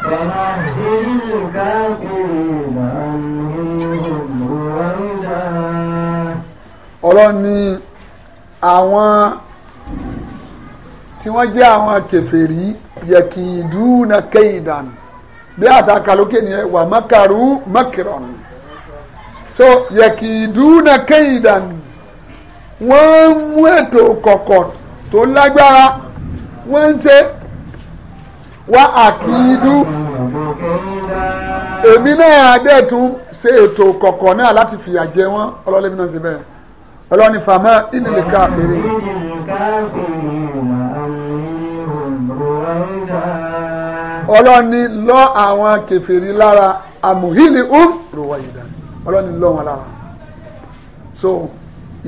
فنحذر الكافرين أنهم رويدا. ọlọ́ni àwọn tí wọ́n jẹ́ àwọn kèfèrí yẹ̀kìdúnà kéyìdàn bí àtàkàlókè ni wà mọ́kàrú mọ́kìrọ̀nù so yẹ̀kìdúnà kéyìdàn wọ́n mú ètò kọ̀kọ̀ tó lágbára wọ́n ń ṣe wá àkìdú èmi náà dẹ́tún ṣe ètò kọ̀kọ̀ náà láti fìyà jẹ wọ́n ọlọ́lẹ́mí náà ṣe bẹ́ẹ̀ ọlọ́ni fàmọ́ ìlú lè káfíìrì. ọlọ́ni lọ àwọn kèfèrí lára àmùhílì um rọwà yìí dání ọlọ́ni lọ wọn lára so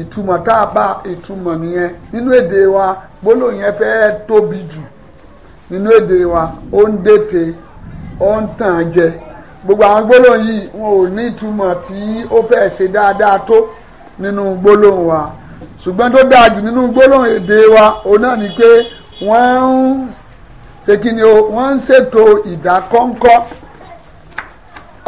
ìtumọ̀ tá a bá ìtumọ̀ nìyẹn nínú èdè wa gbólóhùn yẹn fẹ́ tóbi jù nínú èdè wa ó ń dètè ó ń tàn jẹ gbogbo àwọn gbólóhùn yìí wọn ò ní ìtumọ̀ tí ó fẹ́ ṣe dáadáa tó nínú gbólóhùn wa ṣùgbọ́n tó dáa jù nínú gbólóhùn èdè wa òun náà ni pé wọ́n ń ṣe kí ni o wọ́n ń ṣètò ìdákọ́ńkọ́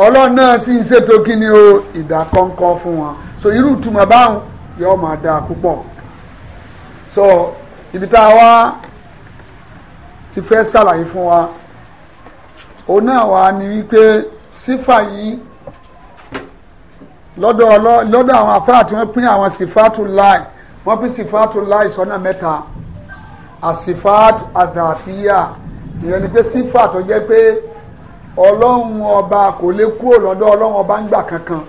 ọlọ́run náà sì ń ṣètò kí ni o ìdákọ́ńkọ́ fún wọn so irú ìtumọ̀ báwọn yóò máa dáa púpọ̀ so ibi tá a wá ti fẹ́ ṣàlàyé fún wa òun náà wà ní wípé sífà yìí lọ́dọ̀ lọ́dọ̀ àwọn afárá tí wọ́n pín àwọn sífàtù láì wọ́n pín sífàtù láì sọ́nà mẹ́ta àsífàtù àdàtìyà ìyẹn ni pé sífà tó jẹ́ pé ọlọ́run ọba kò lè kúrò lọ́dọ̀ ọlọ́run ọba ń gbà kankan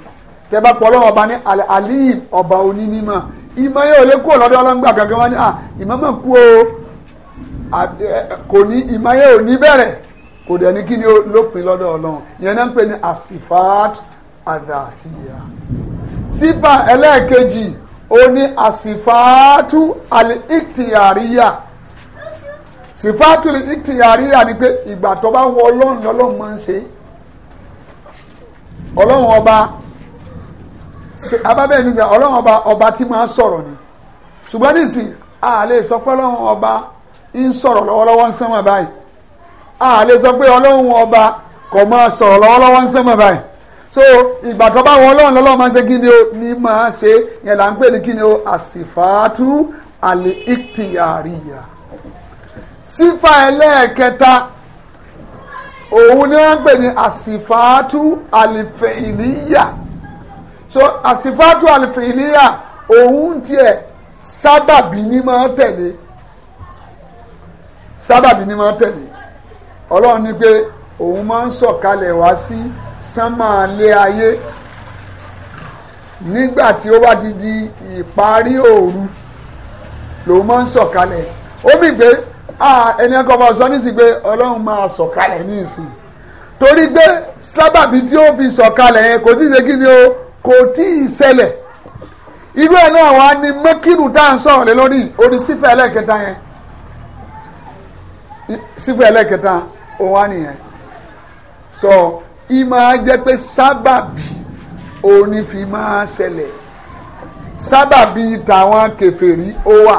tẹ́ bá pọ̀ ọlọ́run ọba ní alim ọba onímímọ̀ ìmọ̀ yẹn ò lè kúrò lọ́dọ̀ ọlọ́run gbà kankan wọ́n ní ìmọ̀ mọ̀ kú o kò ní ìmọ̀ yẹn ní bẹ̀rẹ̀ kò dẹ̀ ní kí ni lópin lọ́dọ̀ ọlọ́run ìyẹn náà ń pè ní asifat adatiya sífà ẹlẹ́ẹ̀kejì ó ní asifatu al-iktiyariya. al sifatuli ikhtiyariya ni pé ìgbà tó bá wọ ọlọ́run lọ́lọ́run máa ń ṣe ọlọ́run ọba abábẹ́ẹ̀ ní sẹ́ ọlọ́run ọba ọba tí máa sọ̀rọ̀ ni ṣùgbọ́n nísìn a lè sọ pé ọlọ́run ọba ń sọ̀rọ̀ lọ́wọ́lọ́wọ́ ń sánmọ̀ báyìí a lè sọ pé ọlọ́run ọba kò máa sọ̀rọ̀ lọ́wọ́lọ́wọ́ ń sánmọ̀ báyìí so ìgbà tó bá wọ ọlọ́run lọ́lọ́run máa ṣe kí ni o ní máa ṣe yẹn là ń pè ní kí ni o àsìfàátú àlè ikhtiyariya sífà ẹlẹ́ẹ̀kẹta òun ni wọ́n ń pè ní àsìfàátú àlìfẹ̀ìlíyà so àsìfàátú àlìfẹ̀ìlíyà òun tiẹ̀ sábàbí ni máa tẹ̀lé sábàbí ni máa tẹ̀lé ọlọ́run ní pé òun máa ń sọ̀kalẹ̀ wá sí sánmàlé ayé nígbà tí ó bá ti di ìparí òru lòun máa ń sọ̀kalẹ̀ ó mì pé Ah, ẹni ẹkọ bá sọ nísìnyí pé ọlọ́run máa sọ̀kalẹ̀ ní ìsìn torí pé sábàbí tí ó fi sọ̀kalẹ̀ yẹn kò tí ì ṣe kí ni o kò tí ì ṣẹlẹ̀ irú ẹ̀ náà wà ní mẹ́kìrù tá à ń sọ̀rọ̀ lé lórí orí sífẹ̀ ẹlẹ́kẹta yẹn sífẹ̀ ẹlẹ́kẹta òun wà nìyẹn sọ ìmọ̀ á jẹ́ pé sábàbí òun ni fi máa ṣẹlẹ̀ sábàbí tàwọn kèfèrí ó wà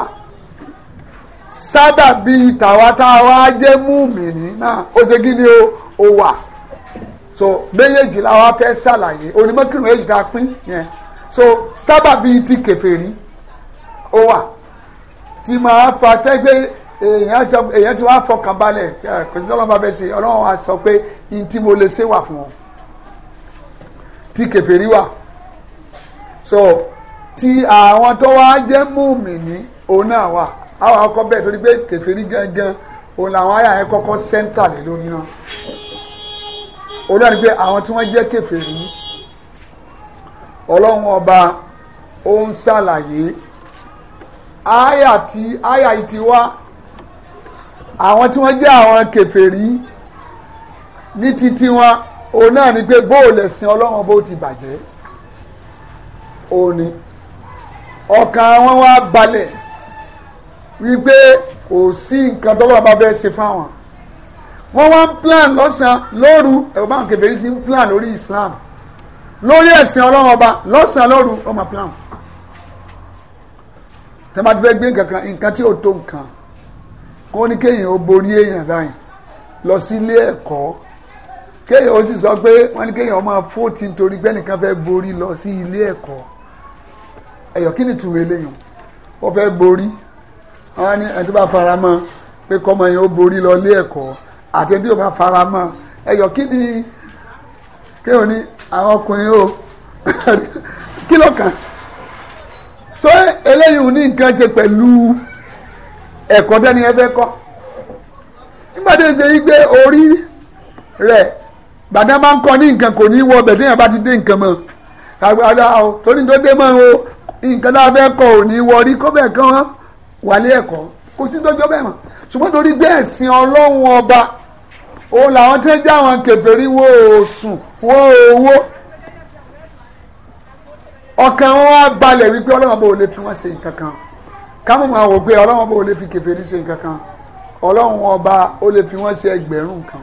sábàbí tàwa táwa jẹ́ múmìnì náà ó ṣe kí ni ó wà so méjèèjì làwa fẹ́ ṣàlàyé onímọ̀kìrún èjì tá a pín yẹn so sábàbí ti kèfèrí ó wà tí máa fa tẹ́gbẹ́ èèyàn sọ èèyàn ti wá fọkàn balẹ̀ kò sí lọ́lọ́mọ abẹ́ sí ọlọ́run wa sọ pé n tí mo lè ṣe wà fún ọ ti kèfèrí wà so ti àwọn tó wá jẹ́ múmìnì òun náà wà àwọn akọ bẹ́ẹ̀ torí pé kèfèrí gangan òun làwọn àyà yẹn kọ́kọ́ sẹ́ńtà lé lórí náà olóòrùn pé àwọn tí wọ́n jẹ́ kèfèrí ọlọ́run ọba ó ń ṣàlàyé àyà tí àyà yìí ti wá àwọn tí wọ́n jẹ́ àwọn kèfèrí ní titi wọn òun náà ni pé bóòlù ẹ̀sìn ọlọ́run bó ti bàjẹ́ òun ni ọkàn wọn wá balẹ̀ wípé kò sí nǹkan tọ́lọ́ bá bẹ́ẹ̀ ṣe fáwọn wọ́n wá ń plan lọ́sàn-án lóru ẹ̀rọ báwọn kèfèrí ti ń plan lórí Islam lórí ẹ̀sìn ọlọ́run ọba lọ́sàn-án lóru wọ́n máa plan tẹ́ bá ti fẹ́ gbé nǹkan kan nǹkan tí ò tó nǹkan kó ní kéèyàn ó borí èèyàn báyìí lọ sí ilé ẹ̀kọ́ kéèyàn ó sì sọ pé wọ́n ní kéèyàn máa fóòtì nítorí pé ẹnìkan fẹ́ borí lọ sí ilé ẹ̀kọ́ ẹ̀yọ̀ kí ni ìtumọ̀ eléyìí ó fẹ́ borí wọ́n ni ẹni bá fara mọ́ pé yẹn borí lọ ilé ẹ̀kọ́ àti ẹni tó bá fara mọ́ kí ni kéwọn àwọn ọkùnrin o kí ló kàn so eléyìí ò ní nǹkan ṣe pẹ̀lú ẹ̀kọ́ tẹ́ni ẹ fẹ́ kọ́ nígbà ṣe gbé orí rẹ̀ gbàdá máa ń kọ́ ní nǹkan kò ní wọ ọbẹ̀ bá ti dé nǹkan mọ́ àgbàdo àwọn tó o nǹkan tá a fẹ́ kọ́ ò ní wálé ẹ̀kọ́ kò sí dọ́jọ́ bẹ́ẹ̀ mọ̀ ṣùgbọ́n torí gbé ẹ̀sìn ọlọ́run ọba òun làwọn tẹ́ jẹ́ àwọn kèfèrí wo sùn wo owó ọkàn wọn á balẹ̀ wípé ọlọ́run ọba ò lè fi wọ́n ṣe nǹkan kan kámú máa wò pé ọlọ́run ọba ò lè fi kèfèrí ṣe nǹkan kan ọlọ́run ọba ó lè fi wọ́n ṣe ẹgbẹ̀rún kan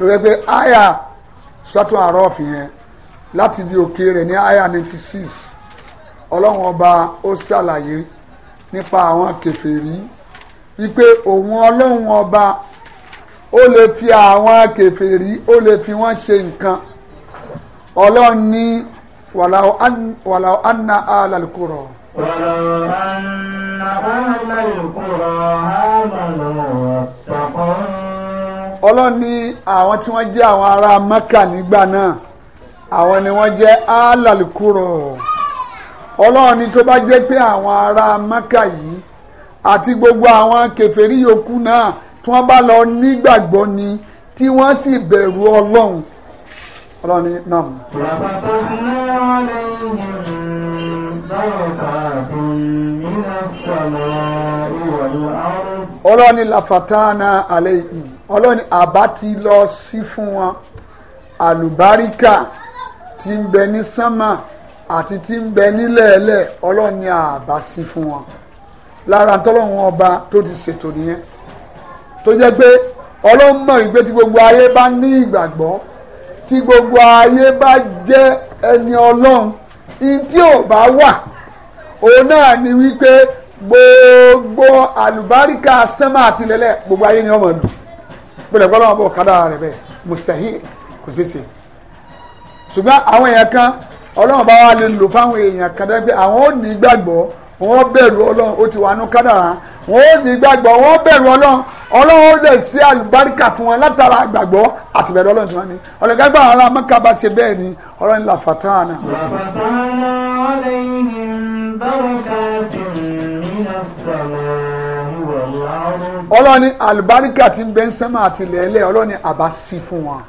lórí pé àyà sọ́tún àárọ̀ fìyẹn láti bí òkè rẹ̀ ní àyà ninety six ọlọ́run ọba ó ṣàlàyé nípa àwọn kèfèrí wípé òun ọlọ́run ọba ó lè fi àwọn kèfèrí ó lè fi wọ́n ṣe nǹkan ọlọ́run ní wàláwọ̀ anna alalukuro. wàláwọ̀ anna alalukuro amanu ọ̀tọ̀kọ́. ọlọ́run ní àwọn tí wọ́n jẹ́ àwọn ará Mẹ́kà nígbà náà àwọn ni wọ́n jẹ́ alalukuro ọlọ́run ni tó bá jẹ́ pé àwọn ará maka yìí àti gbogbo àwọn kèfèrí yòókù náà tí wọ́n bá lọ nígbàgbọ́ ni tí wọ́n sì bẹ̀rù ọlọ́run ọlọ́run ni nam. ọlọ́run ni lafatana alayhim ọlọ́run ni àbá ti lọ sí fún wọn àlùbáríkà tí ń bẹ ní sánmà àti tí ń bẹ nílẹ̀ẹ́lẹ̀ ọlọ́run ní àbá sí fún wọn lára tọ́lọ́run ọba tó ti ṣètò nìyẹn tó jẹ́ pé ọlọ́run mọ̀ ìgbé tí gbogbo ayé bá ní ìgbàgbọ́ tí gbogbo ayé bá jẹ́ ẹni ọlọ́run in tí ò bá wà òun náà ni wípé gbogbo àlùbáríkà sẹ́mà àtìlẹ́lẹ̀ gbogbo ayé ni ọmọ lù gbọdọ̀ gbọ́dọ̀ wọn bọ̀ rẹ̀ bẹ́ẹ̀ mustahil kò ṣeé ṣe ṣùgbọ́n àwọn èèyàn kan ọlọ́run bá wà lè lò fáwọn èèyàn kan dẹ́ pé àwọn ò ní gbàgbọ́ wọ́n bẹ̀rù ọlọ́run ó ti wà nù kádàrá wọ́n ò ní gbàgbọ́ wọ́n bẹ̀rù ọlọ́run ọlọ́run ó lè sí àlùbáríkà fún wọn látara gbàgbọ́ àti bẹ̀rù ọlọ́run tí wọ́n ní ọ̀lẹ́gá gbà wọn amáka bá ṣe bẹ́ẹ̀ ni ọlọ́run là fatahana. fatahana alayhim barakatun minas samaa ọlọ́run ní àlùbáríkà tí ń bẹ ń sẹ́mà àti ọlọ́run ní àbá sí fún wọn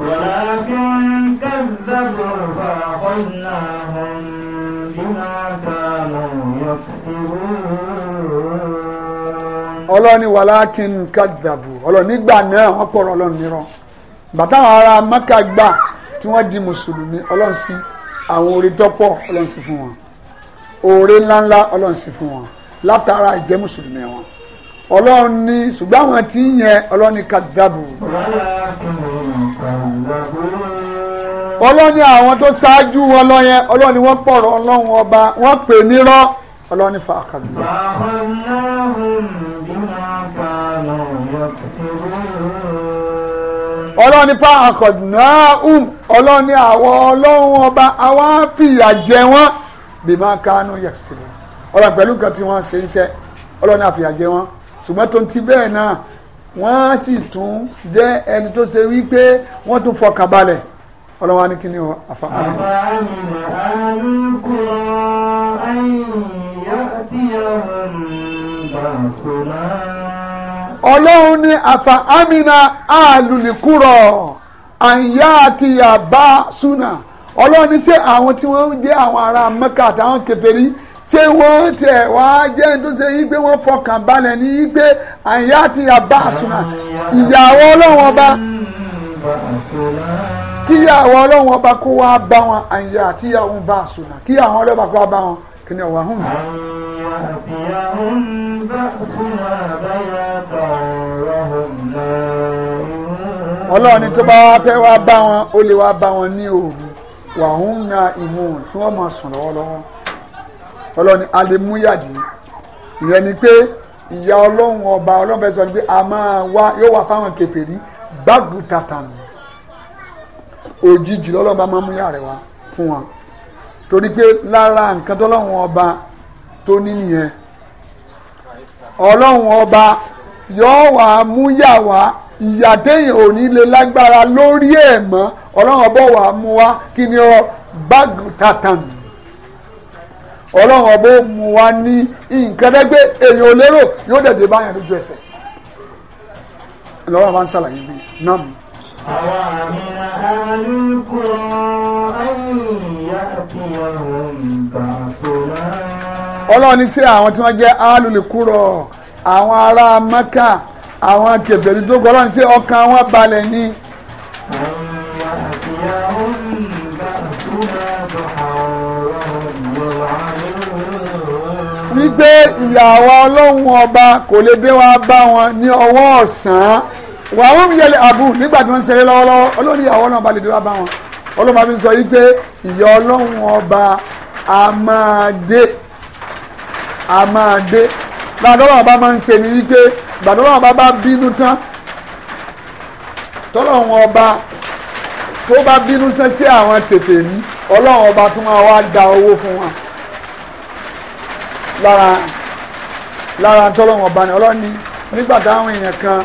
ولكن كذبوا فأخذناهم بما كانوا يكسبون ọlọ́ni wàlákin kàdàbù ọlọ́ni nígbà náà wọ́n pọ̀rọ̀ ọlọ́run nírọ̀ bàtà àwọn ará mẹ́ka gbà tí wọ́n di mùsùlùmí ọlọ́run sí àwọn oore tọ́pọ̀ ọlọ́run sí fún wọn oore ńláńlá ọlọ́run sí fún wọn látara ìjẹ́ mùsùlùmí wọn ọlọ́run ní ṣùgbọ́n àwọn tí ń yẹ ọlọ́ni kàdàbù. wàhálà ọlọ́ni àwọn tó ṣáájú wọn lọ yẹn ọlọ́ni wọ́n pọ̀rọ̀ ọlọ́run ọba wọ́n pè nírọ́ ọlọ́ni fa àkàdé. ọlọ́ni fa àkọ̀dùnáhùn ọlọ́ni àwọn ọlọ́run ọba àwa fìyà jẹ wọ́n bímọ kánú yẹ̀sìn ọlọ́ni pẹ̀lú nǹkan tí wọ́n ṣe ń ṣe ọlọ́ni àfìyà jẹ wọ́n ṣùgbọ́n tó ń ti bẹ́ẹ̀ náà wọ́n sì tún jẹ́ ẹni tó ṣe wípé wọ́n tún fọkàn balẹ̀ ọlọ́wà ní kíni àfa. àbá àmì àlùkò àyìnyá tí àwọn bàṣọlá. ọlọ́run ní àfà àmìnà àlùlìkúrọ̀ àyìnyá àti àbá súnà ọlọ́run ní ṣé àwọn tí wọ́n jẹ́ àwọn ará mẹ́kà àtàwọn kèfèrí ṣé wọ́n tẹ̀ wá jẹ́ tó ṣe yí pé wọ́n fọkàn balẹ̀ ní yí pé àyà àti àbá àsùnà ìyàwó ọlọ́run ọba kíyàwó ọlọ́run ọba kó wá bá wọn àyà àti ìyàwó bá àsùnà kíyàwó ọlọ́run ọba kó wá bá wọn kí ni ọ̀wá hùn. ọlọ́run ni tó bá wá fẹ́ wá bá wọn ó lè wá bá wọn ní òru wàhùn na ìmú tí wọ́n máa sùn lọ́wọ́lọ́wọ́ ọlọ́ni alimuyaadi ìyẹn ni pé ìyá ọlọ́run ọba ọlọ́run fẹ́ sọ ni pé a máa wá yóò wà fáwọn kèfèrí gbàgbù tàtànù òjijì lọ́lọ́run bá máa mú yàrá wa fún wọn torí pé lára nǹkan tọ́lọ́run ọba tó ní nìyẹn ọlọ́run ọba yóò wà mú yà wá ìyà téèyàn ò ní lè lágbára lórí ẹ̀ mọ́ ọlọ́run ọba wà mú wa kí ni ọ gbàgbù tàtànù ọlọ́run ọba ó mú wa ní nǹkan dẹ́gbẹ́ èèyàn ò lérò yóò dẹ̀dẹ̀ báyà lójú ẹsẹ̀ lọ́wọ́ máa ń ṣàlàyé bí náà ọlọ́run ní sí àwọn tí wọ́n jẹ́ alùlùkúrọ̀ àwọn ará mẹ́kà àwọn kèfèrí tó gbọ́ ọlọ́run sí ọkàn wọn balẹ̀ ni. wípé ìyàwó ọlọ́run ọba kò lè dé wá bá wọn ní ọwọ́ ọ̀sán wà wọ́n mi yẹlẹ̀ àbù nígbà tí wọ́n ń ṣeré lọ́wọ́lọ́wọ́ olórí ìyàwó náà bá lè dé wá bá wọn ọlọ́run bá fi sọ wípé ìyà ọlọ́run ọba a máa dé a máa dé gbàdọ́rọ̀ ọba máa ń ṣe ni wípé gbàdọ́rọ̀ ọba bá bínú tán tọ́lọ́run ọba tó bá bínú sẹ́sẹ́ àwọn tètè rí ọlọ́run ọba tún máa wá da owó fún wọn lára lára tọ́lọ́wọ̀n ọba ni ọlọ́ni nígbà táwọn èèyàn kan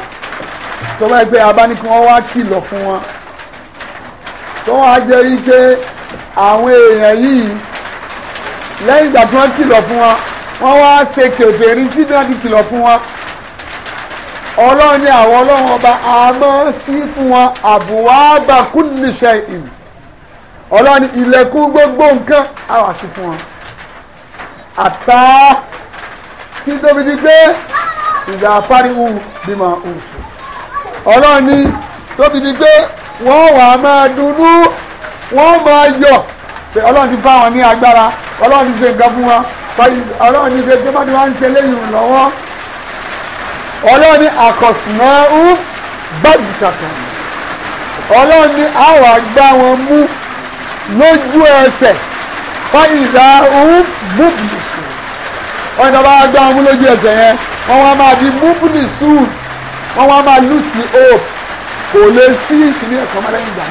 tó bá gbé abánikí wọ́n wá kìlọ̀ fún wọn tó wá jẹ́ wípé àwọn èèyàn yìí lẹ́yìn ìgbà tí wọ́n kìlọ̀ fún wọn wọ́n wá ṣe kèfèrí sí náà ti kìlọ̀ fún wọn ọlọ́run ni àwọn ọlọ́run ọba àmọ́ sí fún wọn àbùwáàbà kulli shay'in ọlọ́run ilẹ̀kùn gbogbo nǹkan àwàsí fún wọn. Ata, tí tóbi di pé ìgbà pariwo bímọ òtù ọlọ́run ni tóbi di pé wọ́n wà máa dunnú wọ́n máa yọ̀ pé ọlọ́run ti bá wọn ní agbára ọlọ́run ti ṣe nǹkan fún wọn ọlọ́run ni pé tí wọ́n ti wá ń ṣe lẹ́yìn lọ́wọ́ ọlọ́run ni àkọsùnà ń gbàgbìtàkàn ọlọ́run ni àwọn àgbà wọn mú lójú ẹsẹ̀ fáyìlà ń bùbù wọ́n ní tọ́ba gbá wọn mú lójú ẹsẹ̀ yẹn wọ́n wá máa di múbùnì sùn wọ́n wá máa lù sí o kò lè sí ìpínlẹ̀ ẹ̀kọ́ mọ́ lẹ́yìn ìgbà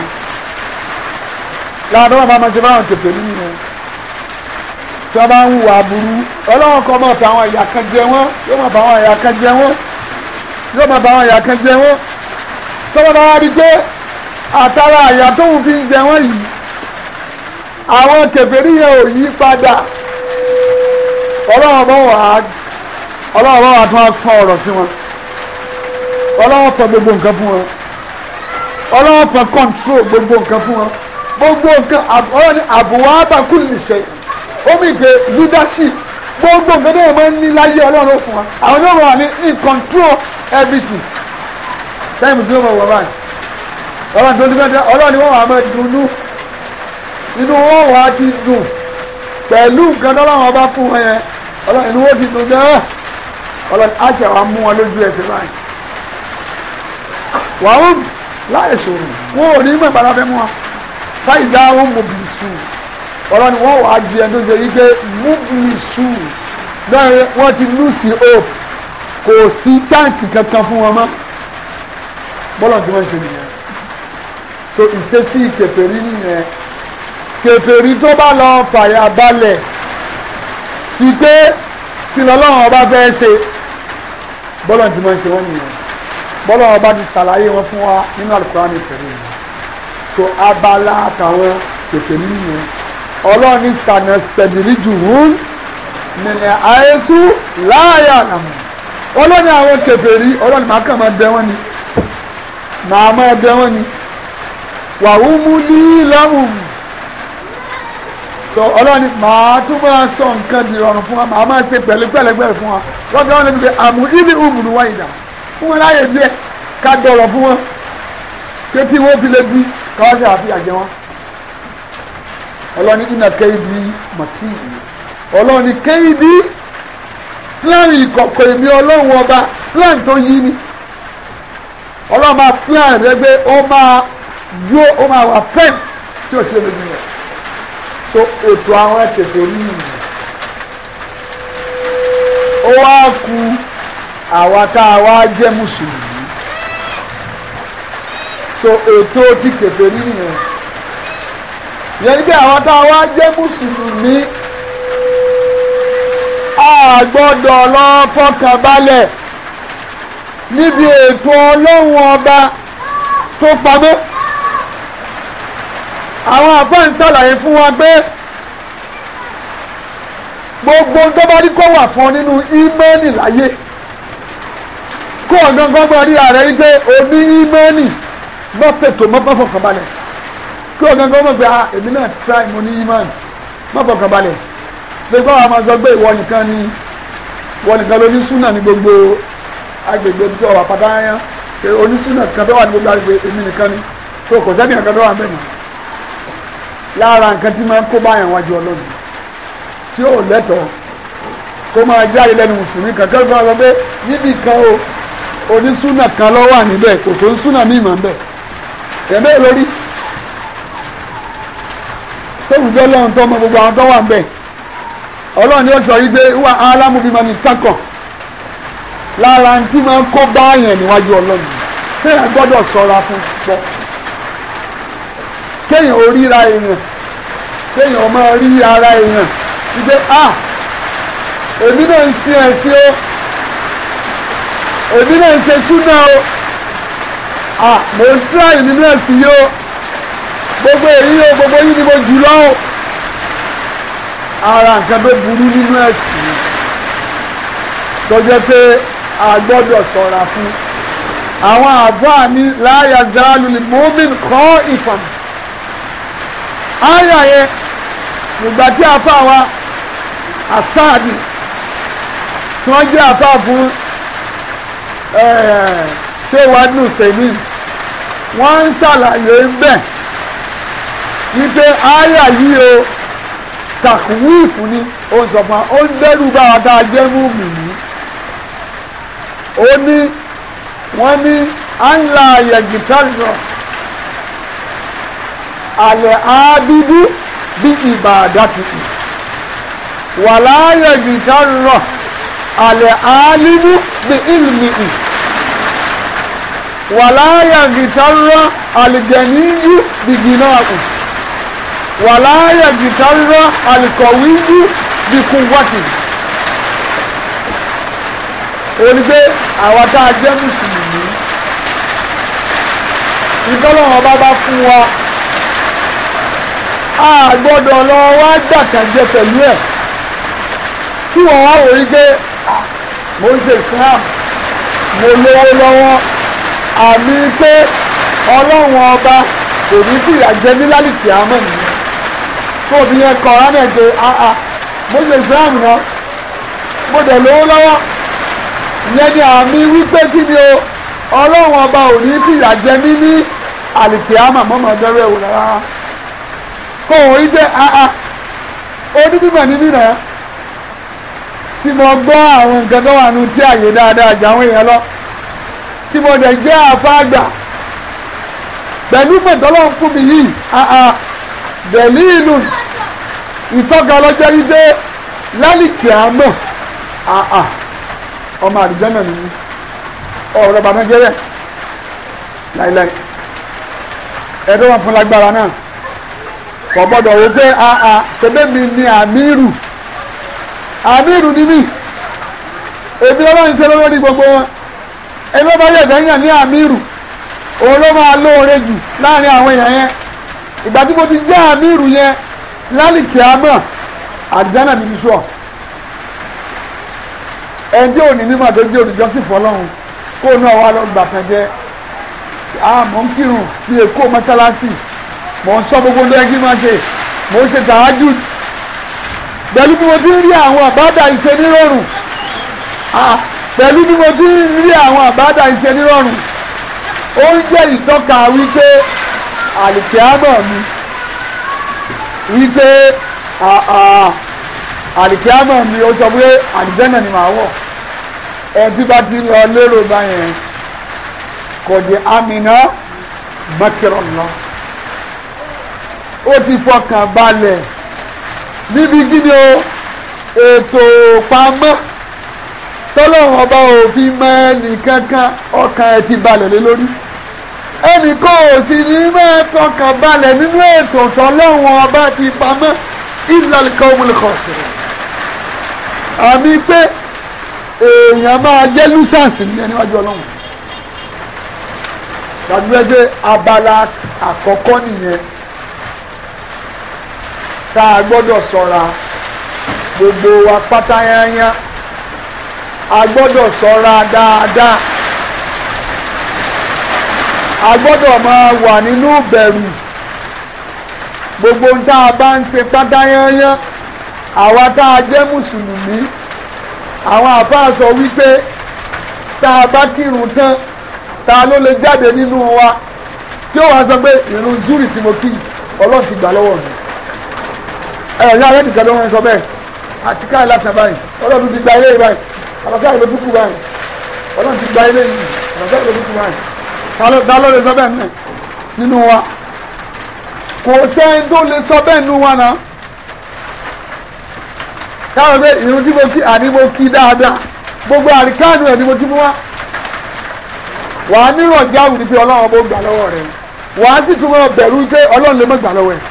náà láàbọ̀ bá máa ṣe báwọn tètè nínú yẹn tí wọ́n bá ń hùwà burú ọlọ́wọ́n kọ́ mọ̀ fún àwọn kan jẹ wọ́n yóò mọ̀ fún àwọn ìyá kan jẹ wọ́n yóò mọ̀ fún àwọn ìyá kan jẹ wọ́n tọ́wọ́ bá wá rí pé àtàrà àyà tóun fi ń jẹ wọ́n yìí àwọn kèfèrí yẹn ò yí padà ọlọ́wọ́ bọ́ wà á ọlọ́wọ́ bọ́ wà á tún á kọ́ ọ̀rọ̀ sí wọn ọlọ́wọ́ pọ̀ gbogbo nǹkan fún wọn ọlọ́wọ́ pọ̀ kọ́ńtró gbogbo nǹkan fún wọn gbogbo nǹkan ọlọ́wọ́ ní àbúwá bá kú nìṣẹ́ ó mì pé leadership gbogbo nǹkan tó yẹ máa ń ní láyé ọlọ́run ó fún wa àwọn yóò wà ní in control everything sẹ́yìn mùsùlùmí wọ̀ wọ̀ báyìí ọlọ́run tó ń dúpẹ́ dẹ́ ọlọ́run ni wọ́n wà á máa dunnú inú wọn wà á ti dùn pẹ̀lú nǹkan tó láwọn bá fún wọn yẹn ọlọ́run inú wo ti dùn gan ọlọ́run á sì àwọn mú wọn lójú ẹsẹ̀ báyìí wàhùn láì sòrò wọn ò ní mọ̀ ìbára fẹ́ mú wa fáyì dá wọn mọ̀ bì sùn ọlọ́run wọn wà á di ẹni tó ṣe yí pé mú bì sùn lọ́run wọn ti lù sí hope kò sí chance kankan fún wọn mọ́ bọ́lọ̀ tí wọ́n ṣe nìyẹn so ìṣesí kèfèrí nìyẹn kèfèrí tó bá lọ fàyà balẹ̀ sí pé kí lọ́lọ́run ọba fẹ́ ṣe bọ́lá ti máa ń ṣe wọ́n nìyẹn bọ́lá ọba ti ṣàlàyé wọn fún wa nínú Al-Qur'an Karim so abala àtàwọn kèké nìyẹn ọlọ́run ní sànà sẹ̀dìrì jù hún nìyẹn àyẹ̀sù láàyè àlàmù ọlọ́run àwọn kèfèrí ọlọ́run máa kàn máa bẹ wọ́n ni màá máa bẹ wọ́n ni wàhùn mú ní lọ́mùmù so ọlọ́run ni màá tún máa sọ nǹkan di rọrùn fún wa màá máa ṣe pẹ̀lú pẹ̀lẹ́pẹ̀lẹ́ fún wa lọ́dọ̀ wọn lẹ́nu pé àmú ìlú ìmùrù wá ìdá fún wọn láàyè díẹ̀ ká dọ̀rọ̀ fún wọn pé tí wọ́n fi lè di káwá sí àfihàn jẹ wọn. ọlọ́run ní kéèdì mọ̀tí ìlú kéèdì láàrin ìkọ̀kọ̀ èmi ọlọ́run ọba láàrin tó yí ni ọlọ́run máa plan rẹ ó máa dúró ó máa wà fẹ́ẹ̀m tí ò so ètò àwọn kèfèrí nìyí ó wá ku àwa tá a wá jẹ́ mùsùlùmí so ètò ti kèfèrí nìyẹn yẹn bí àwa tá a wá jẹ́ mùsùlùmí a gbọ́dọ̀ lọ fọkàn balẹ̀ níbi ètò ọlọ́run ọba tó pamọ́ àwọn àbọ̀ ń ṣàlàyé fún wa pé gbogbo tó bá rí kó wà fún ọ nínú ímánì láyé kó ọ̀nà gbọ́ngbọ́n rí ààrẹ yìí pé omi ímánì má fètò má bá fọkàn balẹ̀ kí ọ̀nà gbọ́ngbọ́n gbé a èmi náà tíráì mo ní ímánì má fọkàn balẹ̀ gbogbo àwọn máa sọ pé ìwọ nìkan ni ìwọ nìkan ló ní súnà ní gbogbo agbègbè tó wà pátáyán onísúnà kan tó wà ní gbogbo agbègbè èmi nìkan ni tó kò sẹ́ni àkàndọ́ wà mẹ́rin lára nǹkan tí máa ń kó báyàn wájú ọlọ́run tí ò lẹ́tọ̀ọ́ kó máa jáde lẹ́nu mùsùlùmí kan kẹ́rù kan sọ pé níbi kan o onísúnà kan ló wà níbẹ̀ kò sóun súnà míì mọ̀ níbẹ̀ tẹ̀mẹ́ lórí sóòjọ́ lọ́run tó mọ gbogbo àwọn tó wà níbẹ̀ ọlọ́run ni ó sọ yí pé wà á lámúbímọ ní kákọ̀ lára tí máa ń kó báyàn níwájú ọlọ́run tí ẹ gbọ́dọ̀ sọra fún pọ̀ kéèyàn ò ríra èèyàn kéèyàn ò máa rí ara èèyàn wípé a èmi náà ń sin ẹ̀sìn o èmi náà ń ṣe súnà o a mò ń tíra èmi náà sì o gbogbo èyí o gbogbo yìí ni mo jù lọ o ara nǹkan tó burú nínú ẹ̀sìn tó jẹ́ pé a gbọ́dọ̀ ṣọ́ra fún àwọn àbọ̀ àní láyà zálùlì mọ́mìn kọ́ ìfàmù àyà yẹn nígbà tí afa wa asaadi tí wọ́n jẹ́ afa fún ṣé wàdùn sẹ́mi wọ́n ń ṣàlàyé bẹ́ẹ̀ wípé àyà yìí o takwifu ni ó ń sọ fún wa ó ń dẹ́rù bá wa tá a jẹ́ mú mi ní ó ní wọ́n ní à ń àlẹ́ ábídú bí ìbàdàtì wàláyé jìtárọ̀ àlẹ́ álímú bí ìlmìí wàláyé jìtárọ̀ àlìgẹ̀níyú bí gínáàkù wàláyé jìtárọ̀ àlìkọ̀wíyú bí kúwọ́tì onígbé àwa tá a jẹ́ mùsùlùmí ìtọ́lọ́wọ́n bá bá fún wa a gbọ́dọ̀ lọ wá gbàkànjẹ pẹ̀lú ẹ̀ kí wọ́n wá wòye pé mo ń ṣe Islam mo lówó lọ́wọ́ àmì pé ọlọ́run ọba kò ní fìyà jẹ mí lálùkì àmọ́ mi kó fi yẹn kọ́ ránà pé àà mo ṣe Islam náà mo dẹ̀ lówó lọ́wọ́ ìyẹn ni àmì wípé kí ni o ọlọ́run ọba ò ní fìyà jẹ mí ní àlùkì àmọ́ mọ́mọ́ dẹ́rẹ́ wò rárá kò wọ́n yí pé aa onímọ̀ ní mí náà tí mo gbọ́ àwọn nǹkan tó wà nù tí àyè dáadáa jà àwọn èèyàn lọ tí mo dẹ̀ jẹ́ àfáàgbà pẹ̀lú mẹ̀tọ́lọ́hún fún mi yìí aa bẹ̀lí ìlú ìtọ́ka ọlọ́jọ́ yí pé lálìkì àmọ́ aa ọmọ àdìjọ́nà nìyí ọ̀rọ̀ bàbá jẹ́rẹ̀ láíláí ẹ̀dọ́ wọn fún lágbára náà kò gbọ́dọ̀ wò pé aa ah, ah, tẹ́lẹ̀ mi ni amiru àmírù ni mí èmi ọlọ́run ṣe lórí gbogbo wọn ẹni ọba yẹ̀ fẹ́yàn ní àmírù òun ló máa lóore jù láàrin àwọn èèyàn yẹn ìgbà tí mo ti jẹ́ àmírù yẹn lálìkì àmọ́ àdìjánà mi ti sọ ẹni tí ò ní mímọ̀ tó jẹ́ olùjọ́sìn fọlọ́run kó náà wà lọ́gbà kan jẹ́ àmọ́ ń kírun bí èkó mọ́sálásì mò ń sọ gbogbo ní ẹgbẹ́ máa ṣe mò ń ṣe tààjù pẹ̀lú bí mo ti ń rí àwọn àbádà ìṣe nírọ̀rùn pẹ̀lú bí mo ti ń rí àwọn àbádà ìṣe nírọ̀rùn ó ń jẹ́ ìtọ́ka wípé àlìkíámọ̀ mi wípé àlìkíámọ̀ mi ó sọ pé àlìjẹ́nà ni màá wọ̀ ẹni tí bá ti lọ lérò báyẹn kò dé àmì náà mọ́kìrọ̀ náà ó ti fọkàn balẹ̀ níbi gíní o ètò pamọ́ tọ́lọ́wọ́n ọba òfin mọ ẹnìkankan ọkàn ẹ̀ ti balẹ̀ lé lórí ẹnìkan ò sì ní máa tọkàn balẹ̀ nínú ètò tọ́lọ́wọ́n ọba ti pamọ́ ìlàlùkọ́ òmùlùkọ̀sì àmì pé èèyàn máa jẹ́ lùsàǹsì ní ẹni wájú ọlọ́run tàbí wẹ́gbẹ́ abala àkọ́kọ́ nìyẹn tá a gbọ́dọ̀ ṣọ́ra gbogbo wa pátáyányá a gbọ́dọ̀ ṣọ́ra dáadáa a gbọ́dọ̀ máa wà nínú bẹ̀rù gbogbo tá a bá ń ṣe pátáyányá àwa tá a jẹ́ mùsùlùmí àwọn àfáà sọ wípé tá a bá kírun tán ta ló lè jáde nínú wa tí ó wàá sọ pé ìrun zuri tí mo kí ọlọ́run ti gbà lọ́wọ́ mi ẹ̀ ẹ̀yà rẹ̀ nìkan ló ń sọ bẹ́ẹ̀ àti káyì láta báyìí ọlọ́run ti gba ilé yìí báyìí àbáṣá ìlú dúkú báyìí ọlọ́run ti gba ilé yìí àbáṣá ìlú dúkú báyìí ta ló lè sọ bẹ́ẹ̀ mẹ́ nínú wa kò sẹ́ni tó lè sọ bẹ́ẹ̀ nínú wa náà káwọn pé ìrun tí mo kí àní mo kí dáadáa gbogbo àríkánu ẹ̀ ni mo ti fún wa wàá nírọ̀ jáwù ni pé ọlọ́run bó gbà lọ́wọ́ rẹ̀ wàá sì tún mọ̀ bẹ̀rù pé ọlọ́run lè mọ̀ gbà lọ́wọ́ rẹ̀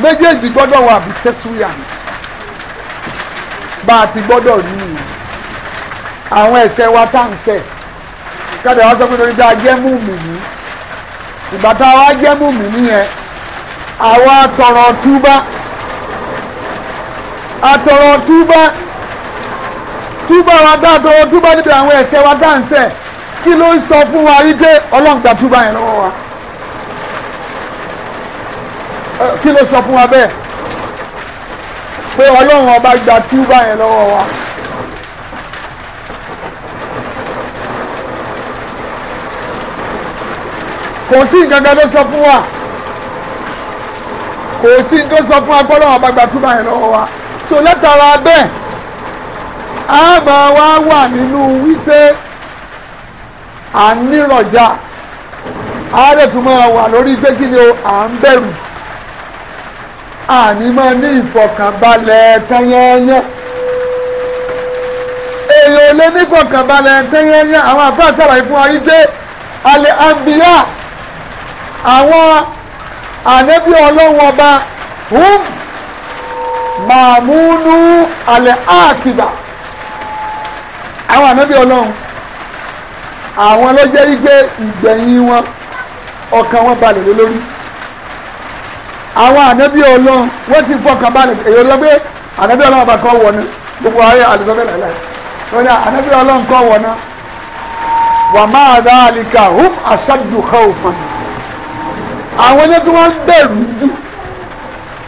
méjèèjì gbọ́dọ̀ wà bí tẹ́síwìyà ni bá a ti gbọ́dọ̀ rí i àwọn ẹ̀ṣẹ̀ wa tá à ń ṣẹ̀ kádà wá sọ pé torí bí a jẹ́ múmi ní ìgbà tá a wá jẹ́ múmi nìyẹn àwa tọrọ túbá àtọrọ túbá túbá wa dá àtọrọ túbá níbi àwọn ẹ̀ṣẹ̀ wa tá à ń kí ló ń sọ fún wa yí pé ọlọ́run túbá yẹn lọ́wọ́ wa. kí ló sọ fún wa bẹ́ẹ̀ pé ọlọ́run ọba gba túbà yẹn lọ́wọ́ wa. kò sí nǹkan kan tó sọ fún wa kò sí tó sọ fún agbọ́dọ̀ àgbàgbà túbà yẹn lọ́wọ́ wa so látara bẹ́ẹ̀ a máa wá wà nínú wípé à ń a rẹ̀ tún máa wà lórí pé kí ni àní máa ní ìfọ̀kànbalẹ̀ tányányán èèyàn lé ní ìfọ̀kànbalẹ̀ tányányán àwọn àbá sàlàyé fún wa yìí dé alẹ́ àǹbíyá àwọn ànẹ́bí ọlọ́run ọba hum màmúnú alẹ́ àkìbà àwọn ànẹ́bí ọlọ́run àwọn ló jẹ́ igbe ìgbẹ̀yìn wọn ọkàn wọn balẹ̀ lé lórí àwọn ànábì ọlọ́run wọ́n ti fọkàn balẹ̀ èyí ló gbé ànábì ọlọ́run bá kọ́ wọ̀ ná gbogbo ayé àdìsọ́fẹ́ lẹ́lẹ́ wọ́n ní ànábì ọlọ́run kọ́ wọ̀ ná wà máa dá àlìkà hum aṣáájú khawfan àwọn ẹni tí wọ́n bẹ̀rù jù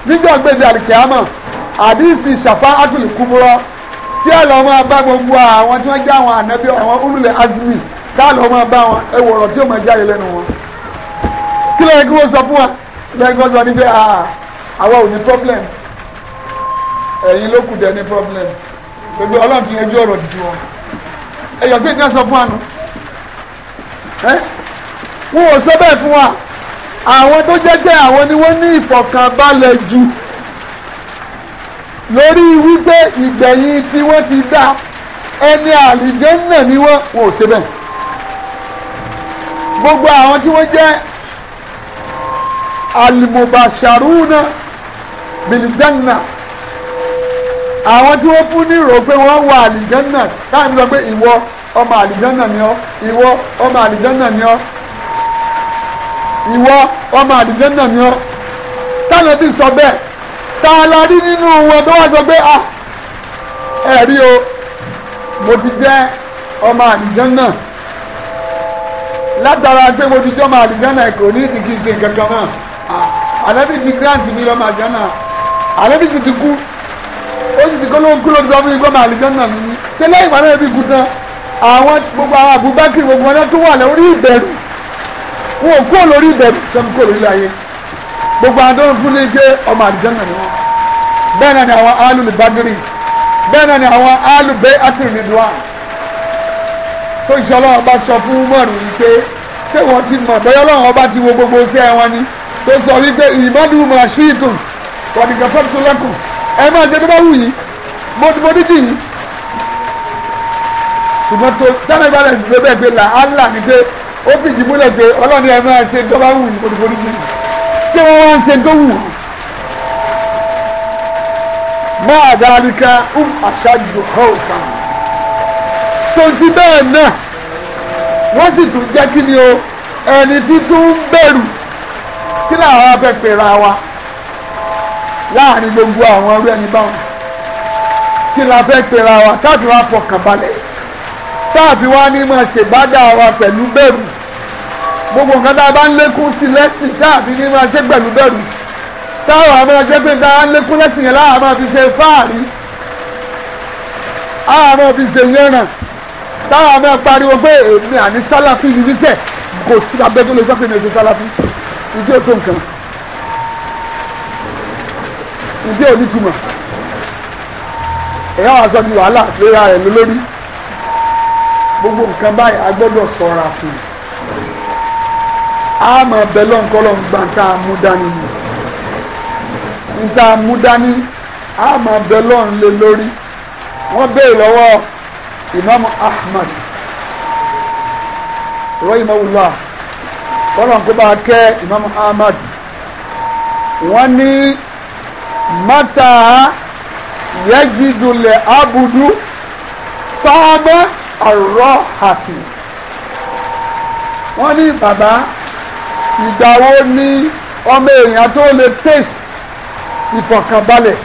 nígbà gbèdé àlìkìámọ̀ àdìsí ṣàfá àtúlù kúmúrọ́ tí a lọ máa bá gbogbo àwọn tí wọ́n já àwọn ànábì àwọn olùlẹ̀ azmi tá a lọ máa bá wọn ẹwọ̀rọ̀ tí ó máa jáde lẹ́nu wọn kí lóye kí wọ́n sọ fún wa lẹ́gbọ́n sọ ní pé àwa ò ní problem ẹ̀yin ló kù dẹ̀ ní problem gbogbo ọlọ́run ti yanjú ọ̀rọ̀ títí wọn ẹ̀yọ̀ sí nǹkan sọ fún àná ẹ́ wọn ò sọ bẹ́ẹ̀ fún wa àwọn tó jẹ́ àwọn ni wọ́n ní ìfọ̀kànbalẹ̀ jù lórí wípé ìgbẹ̀yìn tí wọ́n ti dá ẹni àlìjẹ́ náà ni wọ́n wọn ò ṣe bẹ́ẹ̀ gbogbo àwọn tí wọ́n jẹ́ alimobasharuna bilijanna àwọn tí wọ́n fún ní ìrò pé wọ́n wà àlìjánà táwọn ìbí sọ pé ìwọ ọmọ àlìjánà ni ọ́ ìwọ ọmọ àlìjánà ni ọ́ ìwọ ọmọ àlìjánà ni ọ́ táwọn ti sọ bẹ́ẹ̀ tá rí nínú wọn tó wá sọ pé ah ẹ rí o mo ti jẹ́ ọmọ àlìjánà látara pé mo ti jẹ́ ọmọ àlìjánà kò ní ìdí kí n ṣe nǹkan kan náà ànábì ti grant mi lọ́mọ àjánà ànábì sì ti kú ó sì ti kọ́ lóhùn kú lóhùn tó fún mi gbọ́mọ àlìjánà mi ṣé lẹ́yìn ìgbà náà bí kú tán àwọn gbogbo àwọn àbúgbákiri gbogbo wọn tó wà lórí ìbẹ̀rù wọn ò kúrò lórí ìbẹ̀rù tó ń kúrò lórí ayé gbogbo àwọn tó ń fún ní pé ọmọ àlìjánà ni wọn bẹ́ẹ̀ náà ni àwọn alùbádìrì bẹ́ẹ̀ náà ni àwọn alùbẹ́ àtìrìnìdùá tó ìṣọlọ́wọ́ bá sọ fún mọ́rù wípé ṣé wọ́n ti mọ̀ bẹ́ẹ̀ ọlọ́run ọba ti wo gbogbo iṣẹ́ wọn ni tó sọ wípé ìmọ̀dù máa ṣí ìtùn kọ̀dìgàn fẹ́ẹ̀tù lẹ́kùn ẹ máa ṣe tó wù yín mo díjì ṣùgbọ́n tó tẹ́lẹ̀ bá lẹ̀ gbé bẹ́ẹ̀ gbé là Allah ni pé ó fìdí múlẹ̀ pé ọlọ́ni ẹ máa ṣe tó wù yín mo díjì ṣé wọ́n wá ń ṣe tó wù yín máa dáríká um aṣáájú ọ̀fà tonti bẹ́ẹ̀ náà wọ́n sì tún jẹ́ kí ni o ẹni tí bẹ̀rù kí làwọn abẹ́ pera wa láàrin gbogbo àwọn ọ̀rẹ́ ẹni báwọn kí la fẹ́ pera wa táàbí wa fọkàn balẹ̀ táàbí wa ní máa ṣèbádà wa pẹ̀lú bẹ̀rù gbogbo nǹkan tá a bá ń lékún sí lẹ́sìn táàbí ní máa ṣe pẹ̀lú bẹ̀rù táwọn àmọ́ jẹ́ pé tá a ń lékún lẹ́sìn yẹn láwọn máa fi ṣe fáàrí àwọn máa fi ṣe yẹran táwọn àmọ́ pariwo pé èmi àní sálàfí ni níṣẹ́ kò sí abẹ́ tó lè sọ pé mi ò ṣe sálàfí ǹjẹ́ ètò nǹkan ǹjẹ́ onítùmọ̀ ẹ̀yà wa sọ di wàhálà léra rẹ̀ lólórí gbogbo nǹkan báyìí a gbọ́dọ̀ sọ̀ra fún un a máa bẹ lọ́nkọ́lọ́ gba nǹkan amúdání ni nǹkan amúdání a máa bẹ lọ́n lé lórí wọ́n béèrè lọ́wọ́ Imam Ahmad rahimahullah kọ́lọ̀ kó bá kẹ́ Imam Ahmad wọ́n ní mata yẹ́gidulẹ̀ abudu tọ́ọ́mọ́ ọ̀rọ̀ àti wọ́n ní bàbá ìgbà wo ni ọmọ èèyàn tó lè taste ìfọ̀kànbalẹ̀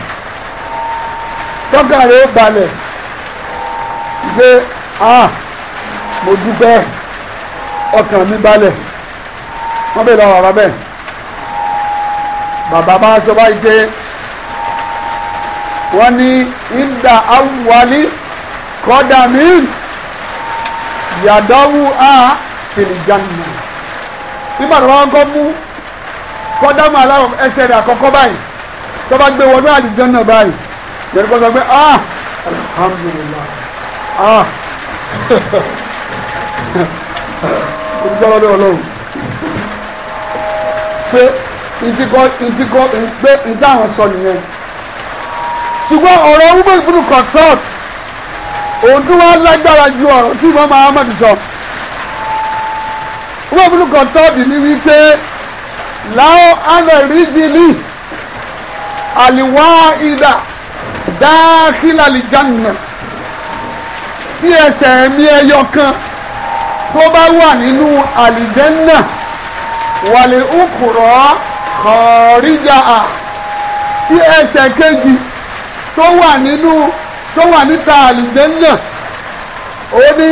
tọ́kàn rẹ̀ balẹ̀ gbé ah mo dúpẹ́ ọkàn mi balẹ̀ wọ́n bèèrè lọ́wọ́ bàbá bẹ́ẹ̀ bàbá bá sọ báyìí pé wọ́n ní ìdá awùwálí kọ́dà mí yàdọ́wù á fìlìjànù nígbà tó wọ́n kọ́ mú kọ́dà mú aláwọ̀ ẹsẹ̀ rẹ̀ àkọ́kọ́ báyìí tó bá gbé wọnú àlìjànnà báyìí yẹn kọ́ sọ pé ah alhamdulillah ah olùkọ́ lọ́dọ̀ ọlọ́run pé ntikọ́ ntikọ́ pé ntáwọn sọ nìyẹn ṣùgbọ́n ọ̀rọ̀ wúbọ̀ ìbúrú kan tọ́ọ̀tù òdúwà lágbára ju ọ̀rọ̀ tí Imam Ahmad sọ wúbọ̀ ìbúrú kan tọ́ọ̀tù ni wípé láwọn alẹ́rìndínlì àlìwá ìdá dákìlà lìjánà tí ẹsẹ̀ mi ẹyọ kan tó bá wà nínú àlìjẹ́ náà wàlẹ̀ ukùrọ̀ kọ̀ọ̀ríjà à tí ẹsẹ̀ kejì tó wà nínú tó wà níta àlìjẹ́nà ó ní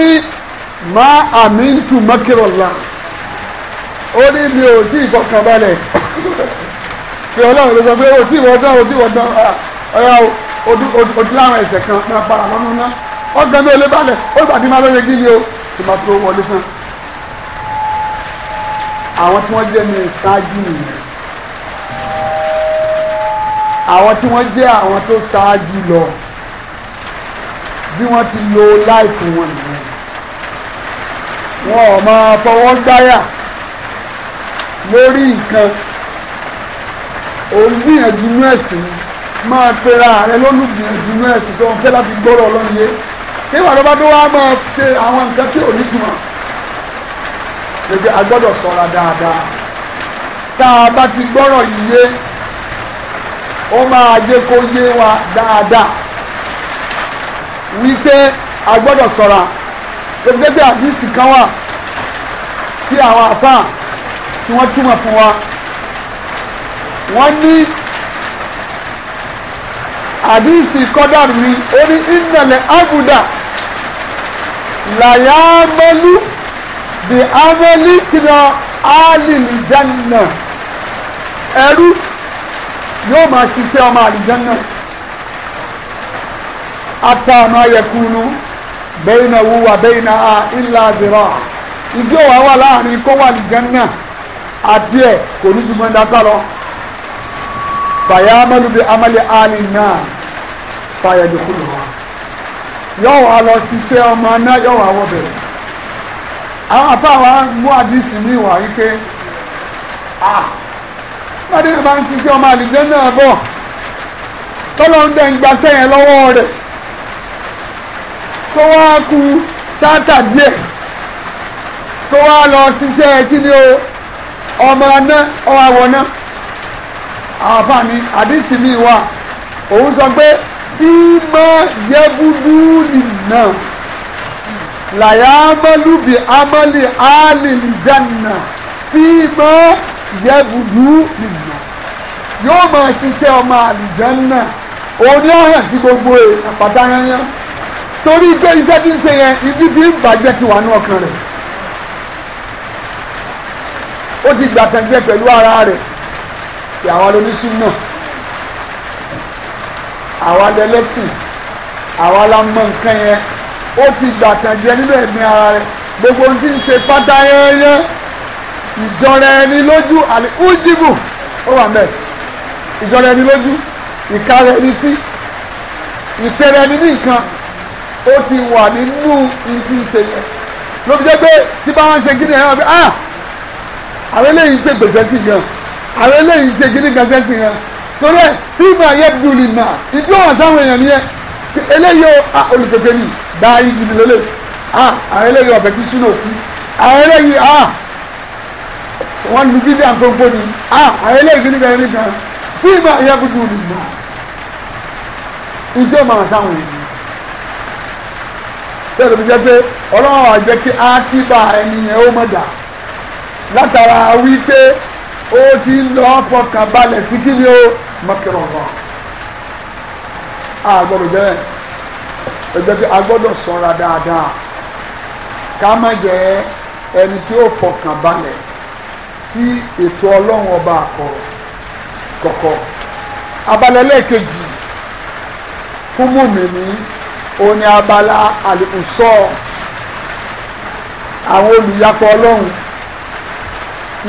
má àmì ń tu mọ́kìrọ̀lá ó ní mi ò tí ì kọkàn balẹ̀ pé ọlọ́run ló sọ pé o tí ì wọ́n dán tí ì wọ́n dán ah, ọ̀rọ̀ láwọn ẹsẹ̀ kan máa para lọ́nà náà ọgbẹ́ mi ò lè balẹ̀ ó gbàdí máa lóye gí ni o tí máa tó wọlé fún un àwọn tí wọ́n jẹ́ ní ṣáájú nìyẹn àwọn tí wọ́n jẹ́ àwọn tó ṣáájú lọ bí wọ́n ti lo láìfù wọn nìyẹn wọn ò máa fọwọ́ gbáyà lórí nǹkan òun gbìyànjú inú ẹ̀sìn máa pera rẹ lólùgbìyànjú inú ẹ̀sìn tó ń fẹ́ láti gbọ́rọ̀ ọlọ́run yé kí wàá lọ́ba tó wá máa ṣe àwọn nǹkan tí ò ní túmọ̀ gbẹgbẹ a gbọ́dọ̀ ṣọ́ra dáadáa tá a bá ti gbọ́rọ̀ yíyé ó máa jẹ́ kó yé wa dáadáa wípé a gbọ́dọ̀ ṣọ́ra gbẹgbẹ àdìsí kan wà tí àwọn àfà tí wọ́n túmọ̀ fún wa wọ́n ní àdìsí kọ́dàrú ni ó ní ìnàlẹ̀ àbùdá làyàmọ́lú bí amẹ́líkìnà alìlìjánà ẹrú yóò máa ṣiṣẹ́ ọmọ àlìjánà àtàmà yẹkùnú bẹ́ẹ̀nà wúwa bẹ́ẹ̀nà a ìlà àdìrà ìjọ wà wà láàrin kó wà àlìjánà àti ẹ̀ kò ní jùmọ̀ dáká lọ fàyà amẹ́lú bí amẹ́lí alìnà fàyà dùkúlù yóò wà lọ ṣiṣẹ́ ọmọ náà yóò wà wọ́ bẹ̀rẹ̀ àwọn àfáàwà mú àdìsí mi wà wípé pàdé bá ń ṣiṣẹ́ ọmọ àlìjẹ́ náà bọ̀ tọ́lọ́ ń dẹ́n gbaṣẹ́ yẹn lọ́wọ́ rẹ̀ tó wá ku sátà díẹ̀ tó wá lọ ṣiṣẹ́ kí ni o ọmọ náà ọwọ́ àwọ̀ náà àwọn àfáàní àdìsí mi wà òun sọ pé bí mọ́ yẹ́bùdú nìyẹn náà làyàmọ́lú bí amali áàlìlì jàǹnà fíìmọ́ yẹ́bùdú nìyà yóò máa ṣiṣẹ́ ọmọ àlìjàǹnà òní ọ̀hàn sí gbogbo èèyàn pàtàkìyàn torí pé iṣẹ́ tí ń ṣe yẹn ibi bí ń bàjẹ́ ti wà ní ọkàn rẹ̀ ó ti gbà kan jẹ́ pẹ̀lú ara rẹ̀ pé àwa lóníṣú náà àwa lẹlẹ́sìn àwa la mọ nǹkan yẹn ó ti gbàtànjẹ nínú ẹ̀mí ara rẹ̀ gbogbo ohun tí ń ṣe pátá yẹ́nyẹ́ ìjọra ẹni lójú àlè ujibu ó wà mẹ́ ìjọra ẹni lójú ìkara ẹni sí ìpẹrẹ ẹni ní nǹkan ó ti wà nínú ohun tí ń ṣe yẹn ló fi jẹ́ pé tí bá wọn ṣe kí ni ẹ̀rọ bí ah àwọn eléyìí pé gbèsè sí gan àwọn eléyìí ṣe kí ni gbèsè sí gan torí ẹ bí màá yẹ dùn ní mà ìjọ àwọn sáwọn èèyàn ah, ni ẹ eléyìí ó olùpèpè nìyí dáhìí gidi lélẹ̀ ah àwọn eléyìí ọ̀bẹ kí sínú òkú àwọn eléyìí ah wọ́n lu bíbí àgbọ̀ngbò ni ah àwọn eléyìí gidi kan ní kan fíìmù àyẹ̀kùtù ni màs ìjọ màá sáwọn ènìyàn bẹ́ẹ̀ ló fi jẹ́ pé ọlọ́run wa jẹ́ kí ákíbà ẹni yẹn ó mọ̀ dà látara wípé ó ti ń lọ ọkàn sí kí ni ó mọ̀kìrọ̀ náà àgbọ̀dọ̀ jẹ́ bẹ́ẹ̀ ẹgbẹ́ pé a gbọ́dọ̀ sọ́ra dáadáa ká má jẹ́ ẹni tí ó fọkàn balẹ̀ sí ètò ọlọ́run ọba àkọ́rọ̀ kọ̀kọ́ abalẹ̀ lẹ́ẹ̀kejì fún mùmíní òun ni abala àlùkùsọ́ àwọn olùyapọ̀ ọlọ́run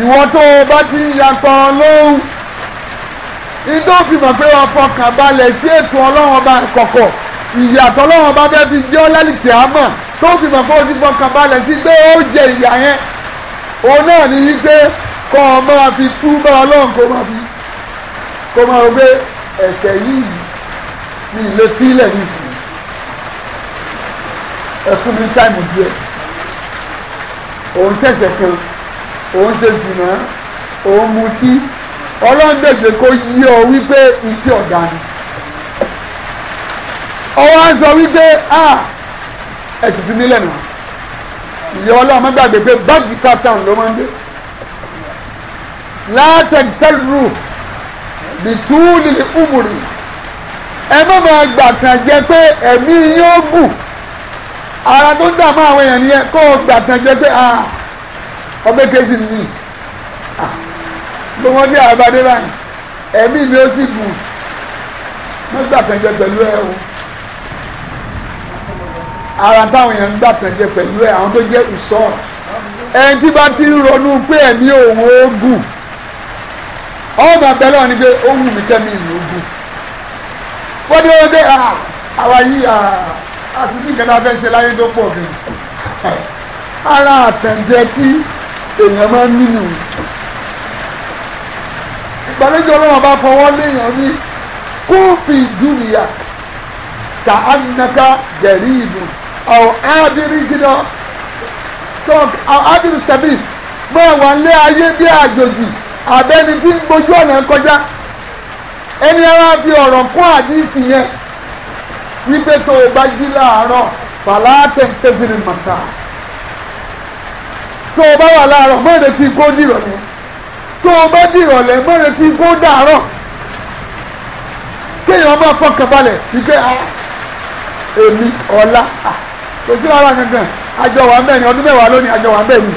ìwọ tó o bá ti ń yapọ̀ ọlọ́run ìdó fi mọ̀ pé wọn fọkàn balẹ̀ sí ètò ọlọ́run ọba àkọ́kọ́ ìyàtọ̀ lọ́wọ́ bá fẹ́ fi jẹ́ lálìkì àmọ́ tó fi mọ̀ pé o ti fọkàn balẹ̀ sí pé ó jẹ ìyà yẹn òun náà ní í pé kọ́ ọ máa fi tú bá ọlọ́run kó máa fi kó máa rò pé ẹ̀ṣẹ̀ yìí ni ìlé fílẹ̀ ní ìsìn ẹ fún mi táìmù díẹ̀ òun ṣẹ̀ṣẹ̀ kan òun ṣe sìnà òun mutí ọlọ́run gbèsè kó yí ọ wípé ìtì ọ̀dà ni ọwọ́ ń sọ wípé ẹ̀sìn fi mí lẹ́nu ìyá ọlọ́run má gbàgbé pé báàgì káàtàn ló máa ń dé látẹ̀tẹ̀rù bìtúùlì umùrì ẹ má máa gbà kàn jẹ́ pé ẹ̀mí yóò bù ara tó ń dààmú àwọn èèyàn nìyẹn kó o gbà kàn jẹ́ pé ọbẹ̀ kejì nìyí gbogbo bí àbádé báyìí ẹ̀mí mi ó sì bù má gbà kàn jẹ́ pẹ̀lú ẹ̀ o ara táwọn èèyàn ń gbàtànjẹ pẹ̀lú ẹ̀ àwọn tó jẹ́ resort ẹni tí bá ti ń ronú pé ẹ̀mí òun ó gùn ọmọ abẹ́lẹ́ ni pé ó wù mí kẹ́mi ìlú gùn wọ́n dé wọ́n dé àwa yìí àsìkò ah, ìkẹta fẹ́ ṣe láyé tó pọ̀ gan ara àtànjẹ tí èèyàn máa ń nínú ìgbàlejò ọlọ́run bá fọwọ́ léèyàn ní kóòpì júnìyà tàánàká jẹ̀rí ìdùn àwọn ádìrí gídọ́ tó àwọn ádìrí sẹ́bì máa wà lé ayé bí àjòjì àbẹ́ni tí ń gbójú ọ̀nà kọjá ẹni ara fi ọ̀rọ̀ kún àdìsí yẹn wípé tó o bá jí láàárọ̀ bàlá tẹ̀síìrì màsà tó o bá wà láàárọ̀ má retí kó dìrọ̀lẹ́ tó o bá dìrọ̀lẹ́ má retí kó dàárọ̀ kéèyàn máa fọkàn balẹ̀ wípé a ah, èmi ọ̀la ah, à kò sí rárá kankan àjọ wà bẹ́ẹ̀ ni ọdún mẹ́wàá lónìí àjọ wà bẹ́ẹ̀ ni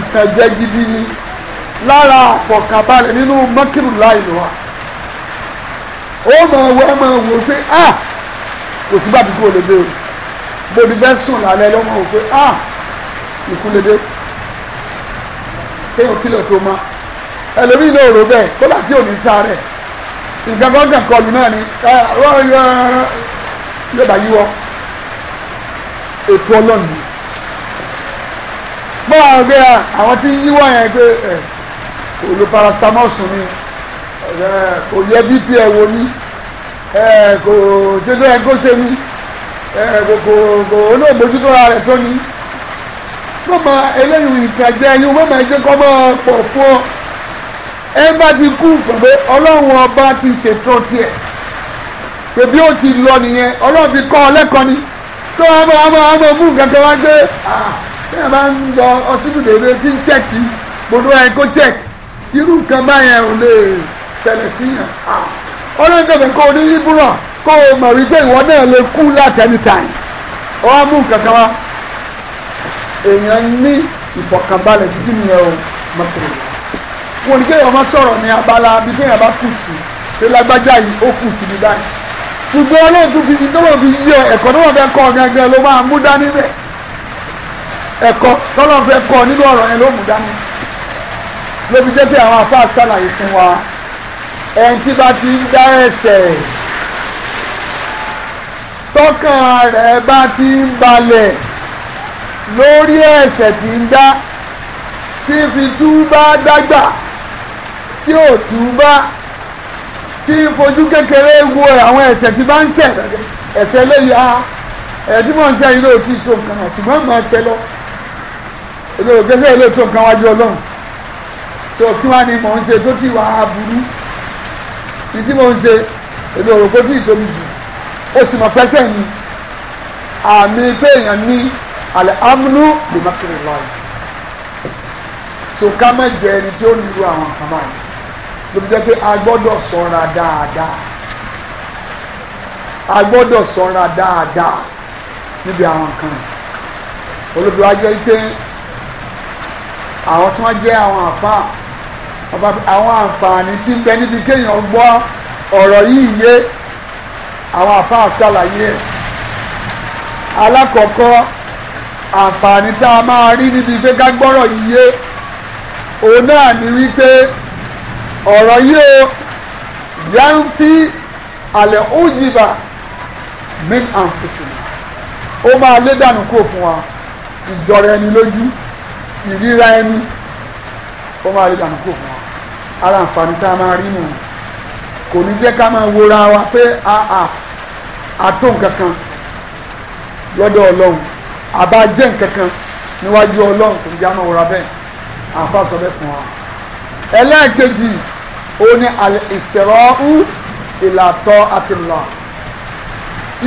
ìtànjẹ gidi ni lára àfọ̀kàbalẹ̀ nínú mọ́kìrù láìlú wa ó máa wọ ẹ máa wò pé a ah, kò sí bàtí kò lè dé o bòbí bẹ́ẹ̀ sùn lálẹ́ lọ́mọ wò pé a ah, ìkú lè dé kéèyàn kílò tó ma ẹlòmíì náà rò bẹ́ẹ̀ kódà tí ò ní sáré nǹkan kan kàn kọlù náà ni ah, yóò bá yíwọ́ ètò ọlọ́run ni mọ́ àwọn pé àwọn tí ń yíwọ́ yẹn pé ẹ̀ olú paracetamol sùn ni kò yẹ bp ẹ̀ wò ní kò ṣe tó yẹ kó ṣe ní kò kò olóògbójútó ara rẹ̀ tó ní kó mọ eléyìí ìkàjẹ́ ẹ̀yìn wọ́n máa jẹ́ kó máa pọ̀ fún ọ ẹ bá ti kú pẹ̀lú ọlọ́run ọba ti ṣètò tiẹ̀ pé bí ó ti lọ nìyẹn ọlọ́run fi kọ́ ọ lẹ́kọ̀ọ́ ni tó wọn bọ wọn bọ wọn bọ mú nǹkan kan wá gbé tí wọn bá ń lọ hospital dèbè tí ń chẹ́kì gbogbo ẹ̀ kó chẹ́kì irú nǹkan báyẹn ò lè ṣẹlẹ̀ síyàn ọlọ́dẹ̀bẹ̀ kó o ní ibùrọ̀ kó o mọ̀ wípé ìwọ náà lè kú láti ẹni tàn ọ́ mú nǹkan kan wá èèyàn ní ìfọ̀kànbalẹ̀ sí kí nìyẹn o mọ̀tòrò wọn ni kéèyàn máa sọ̀rọ̀ ní abala bí kéèyàn bá kù sí pé lágbájá yìí ó kù sí ní báyìí ṣùgbọ́n olóòtún fi ìdánwò fi yẹ ẹ̀kọ́ tó wọ́n fẹ́ kọ́ gangan ló máa mú dání bẹ́ẹ̀ ẹ̀kọ́ tọ́lọ́ fẹ́ kọ́ nínú ọ̀rọ̀ yẹn ló mú dání ló fi jẹ́ pé àwọn afáà ṣàlàyé fún wa ẹni tí bá ti ń dá ẹsẹ̀ tọ́kàn rẹ̀ bá ti ń balẹ̀ lórí ẹsẹ̀ tí ń dá tí fi túbá dágbà tí ò túbá tí ń fojú kékeré wo àwọn ẹ̀ṣẹ̀ tí bá ń ṣẹ̀ ẹ̀ṣẹ̀ léyìí a ẹ̀ṣẹ̀ tí mò ń ṣẹ̀ yìí ló ti tó nǹkan ṣùgbọ́n mò ń ṣẹ̀ lọ èmi ò gbẹ́sẹ̀ ló tó nǹkan wájú ọlọ́run tó kí wá ni mò ń ṣe tó ti wà á burú ní tí mò ń ṣe èmi ò rò pé tí ìtòbi jù ó sì mọ̀ pẹ́sẹ̀ mi àmì pé èèyàn ní àlẹ́ amúnú lè má kiri lọ́rùn tó ká má ẹni tí ó nílò àwọn àkàmáyé ló fi jẹ́ pé a gbọ́dọ̀ ṣọ́ra dáadáa a gbọ́dọ̀ ṣọ́ra dáadáa níbi àwọn nǹkan olóbi wa jẹ́ pé àwọn tí wọ́n jẹ́ àwọn àfa àwọn àǹfààní tí ń bẹ níbi kéèyàn gbọ́ ọ̀rọ̀ yìí yé àwọn àfa àṣàlàyé alákọ̀ọ́kọ́ àǹfààní tá a máa rí níbi pé ká gbọ́rọ̀ yìí yé òun náà ní wípé ọ̀rọ̀ yìí o yanfi alẹ́ ojìbà min àǹfẹ̀sìn ó máa lé dànù kúrò fún wa ìjọra ẹni lójú ìríra ẹni ó máa lé dànù kúrò fún wa ara àǹfààní tá a máa rí nù kò ní jẹ́ ká máa wora wa pé àà àtó nǹkan kan lọ́dọ̀ ọlọ́run àbá jẹ́ nǹkan kan níwájú ọlọ́run kò ní jẹ́ àmọ́ wora bẹ́ẹ̀ àǹfààní sọ bẹ́ẹ̀ fún wa ẹlẹ́ẹ̀kejì ó ní ìsẹ̀rọ̀ọ́hù ìlàtọ̀ àti lọ.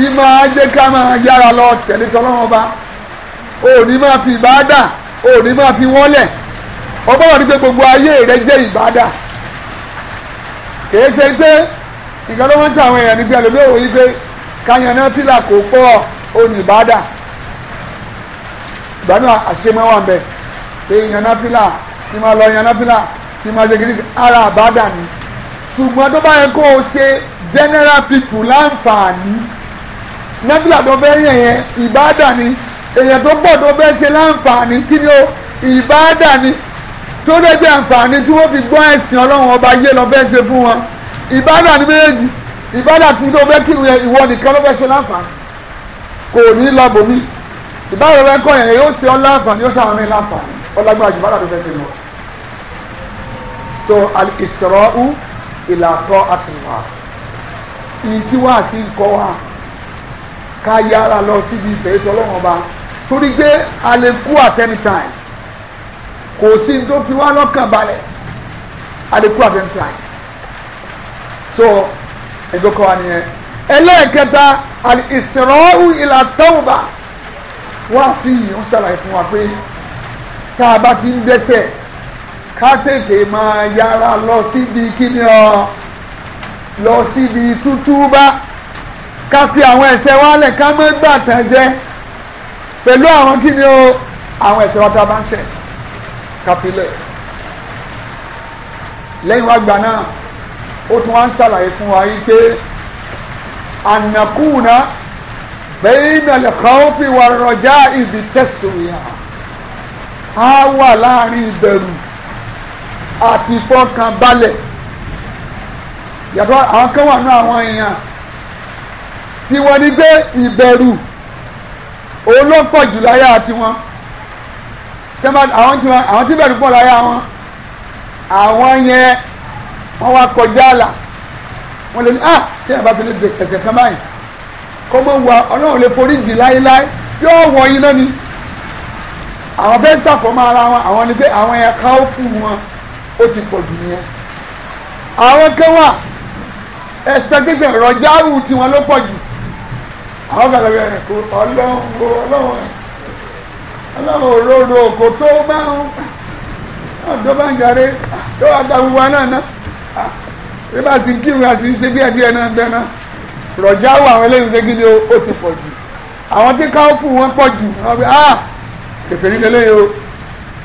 ìmọ̀ ajé ká máa yára lọ tẹ̀lé tọ́lọ́wọ́n bá òní máa fi ìbáàdà òní máa fi wọ́n lẹ̀ ọgbọ́n wà ní pé gbogbo ayé rẹ jẹ́ ìbáàdà kìí ṣe pé nǹkan ló wọ́n ti àwọn èèyàn nígbà lóbi òwò yìí pé káyọ̀ náà pílà kò pọ̀ òní ìbáàdà ìgbà náà àṣemọ́ wà ń bẹ̀ pé ìyànnáfílà ìmọ̀ lọ ìyànnáfílà kí máa ṣe kìíní ara àbádà ni ṣùgbọ́n tó bá yẹ kó o ṣe general people láǹfààní nẹ́bílà tó fẹ́ yẹn yẹn ìbádà ni èèyàn tó pọ̀ tó fẹ́ ṣe láǹfààní kí ni o ìbádà ni tó dẹ́gbẹ́ àǹfààní tí wọ́n fi gbọ́ ẹ̀sìn ọlọ́run ọba yé lọ fẹ́ ṣe fún wọn ìbádà ni méjèèjì ìbádà tí tó fẹ́ kírun yẹn ìwọ nìkan ló fẹ́ ṣe láǹfààní kò ní lọ bòmí ìbádà rẹ kọ́ yẹn yóò ṣe ọ́ láǹfààní yóò ṣàwọn mi láǹfààní ọlágbára jù so al-isra'u ila ta'atillah ìyí tí wàá sí ikọ̀ wa ká yára lọ síbi ìtẹ̀yẹ́tọ̀ ọlọ́run ọba torí pé a lè kú at any time kò sí ní tó fi wá lọ́kàn balẹ̀ a lè kú at any time so ẹ̀dọ́kọ̀ wa nìyẹn ẹlẹ́ẹ̀kẹta al-isra'u ila tawba wàá sí yìí ń fún wa pé tá a bá ti ń dẹ́sẹ̀ ká tètè máa yára lọ síbi kíni ọ lọ síbi tútúbá ká fi àwọn ẹ̀ṣẹ̀ wa lẹ̀ ká má gbàtàn jẹ pẹ̀lú àwọn kíni o àwọn ẹ̀ṣẹ̀ wa tá a bá ń ṣẹ̀ ká fi lẹ̀ lẹ́yìn wá gbà náà ó tún wá ń ṣàlàyé fún wa yìí pé ànàkùnà bẹ́yìn al-khawfi wa ar-raja'i bi taswiya á wà láàrin ìbẹ̀rù àti fọ́nkan balẹ̀ yàtọ̀ àwọn kan wà ní àwọn èèyàn tí wọ́n ní gbé ìbẹ̀rù òun ló pọ̀ jù láyà tiwọn àwọn tí àwọn tí bẹ̀rù pọ̀ láyà wọn àwọn yẹn wọ́n wá kọjá àlà wọ́n lè ní à kí ẹ̀ bá fi lè gbèsè ẹ̀sẹ̀ kan báyìí kó mọ̀ wá ọlọ́run lè forí jì láéláé yóò wọ iná ni àwọn bẹ́ẹ̀ sàkómọ́ ara wọn àwọn ni pé àwọn yẹn ká ó fún wọn ó ti pọ̀ jù nìyẹn àwọn kan wà expectation rọjáwù tiwọn ló pọ̀ jù àwọn kan lọ́wọ́ ẹ̀ kó ọlọ́run kó ọlọ́run ọlọ́run òróró kò tó bá ń tó bá ń jáde tó wà dá gbogbo náà ná bí bá sì ń kírun àti ṣe díẹ̀ díẹ̀ náà bẹ́ẹ̀ náà rọjáwù àwọn eléyìí ṣe gidi ó ti pọ̀ jù àwọn tí káwọ́ fún wọn pọ̀ jù wọn bí ah kẹfẹ́ nílẹ̀ lóye o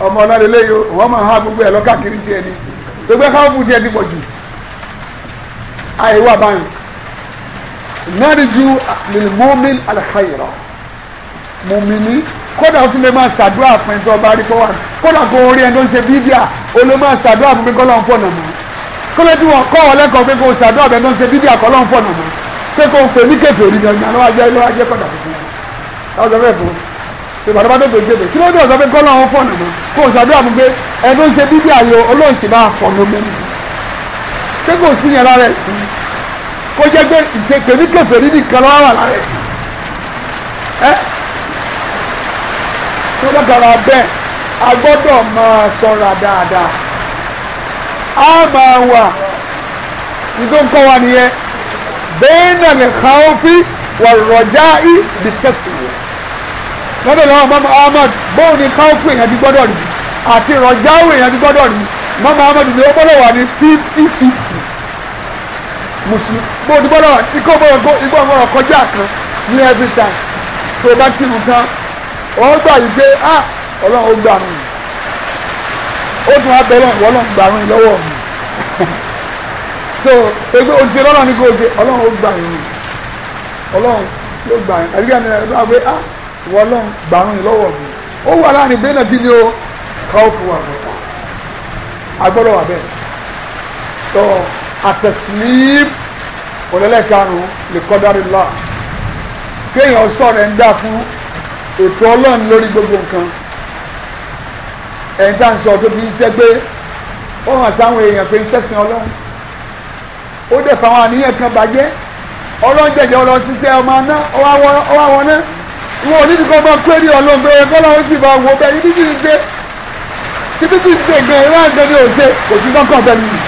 ọmọ ọlọ́run o wọ́n máa há gbogbo ẹ̀ lọ́kàkiri tiẹ̀ ni gbogbo ẹ̀ káwọn fún tiẹ̀ ti pọ̀ jù àìwá báyìí nẹ́rìjú lèmọ́mìn àlàkàyèrọ mùmìnì kódà tún lè máa ṣàdúrà fún ẹni tó bá rí kọ́wà kódà kó orí ẹni tó ń ṣe bídíà ó lè máa ṣàdúrà fún mi kọ́ lọ́n fọ̀nà mọ́ kọ́lẹ́ tí wọ́n kọ́ ọ lẹ́kọ̀ọ́ pé kó o ṣàdúrà fún ẹni tó ń ṣe bídíà kọ́ lọ́n fọ̀nà mọ́ pé kó o pè ní kẹfẹ́ orí gan-an lọ́wọ́ ajẹ́ lọ́wọ́ ajẹ́ kọ́dà fún mi ìbàdàn bá dòdò jèbè kí ló dé ọ̀sán pé kọ́ lọ́wọ́ fọ̀nà mọ́ kó o ṣàdúrà fún pé ẹ tó ń ṣe bíbí àyò olóhùn sì máa fọ̀nà mọ́ pé kò sí yẹn lára ẹ̀sìn kó jẹ́ pé ìṣe pèmí kèfèrí nìkan lọ́wọ́ wà lára ẹ̀sìn ẹ́ tó dàgbàrà bẹ́ẹ̀ a gbọ́dọ̀ máa ṣọ́ra dáadáa a máa wà ìdó ń kọ́ wa nìyẹn bẹ́ẹ̀ nàlẹ̀ kàófì wà rọ̀já ì bìtẹ́sì yẹn wọ́n bẹ̀rẹ̀ lọ́wọ́ mọ́mọ́ ahmed bóun ni káwọ́pù èèyàn ti gbọ́dọ̀ rí àti rọ̀jáwò èèyàn ti gbọ́dọ̀ rí mọ́mọ́ ahmed ni ó gbọ́dọ̀ wà ní fifty fifty mùsùlùmí bóun ti gbọ́dọ̀ ikọ́ gbọ́dọ̀ ikọ́ gbọ́dọ̀ kọjá kan ní every time tó o bá kírun tán ó gbà yìí pé ah ọlọ́run ó gbà mí ó tún wá bẹ̀rẹ̀ ìwọ ọlọ́run gbà mí lọ́wọ́ mi so pé òṣìṣẹ́ lọ́nà ni kò ṣe ọlọ́run ó gbà mí ọlọ́run ló gbà mí àdìgbà ni ẹ wọ́n lọ́n gbàrún yìí lọ́wọ́ mi ó wà láàrin bẹ́ẹ̀ bí ni ó káwọ́fù wà bọ̀tà agbọ́dọ̀ wà bẹ́ẹ̀ tó àtẹ̀sílíìm ọ̀lẹ́lẹ́karùn-ún lè kọ́dárí lọ kéèyàn sọ̀rọ̀ ẹ̀ ń dà fún ètò ọlọ́run lórí gbogbo nǹkan ẹ̀yìn tá à ń sọ tó ti jẹ́ pé ó hàn sáwọn èèyàn pé iṣẹ́ sin ọlọ́run ó dẹ̀ fáwọn àníyàn kan bàjẹ́ ọlọ́run jẹ̀jẹ̀ ọlọ́run ṣiṣẹ́ ọmọ náà ọwọ́ wọn náà wọn ò ní ti kọ́ máa pé ní ọlọ́run bẹ́ẹ̀ kọ́ láwọn sì máa wò bẹ́ẹ̀ ibi tí ń ṣe ibi tí ń ṣe gan ìwà nǹkan ni ò ṣe kò sí kankan bẹ́ẹ̀ nìyí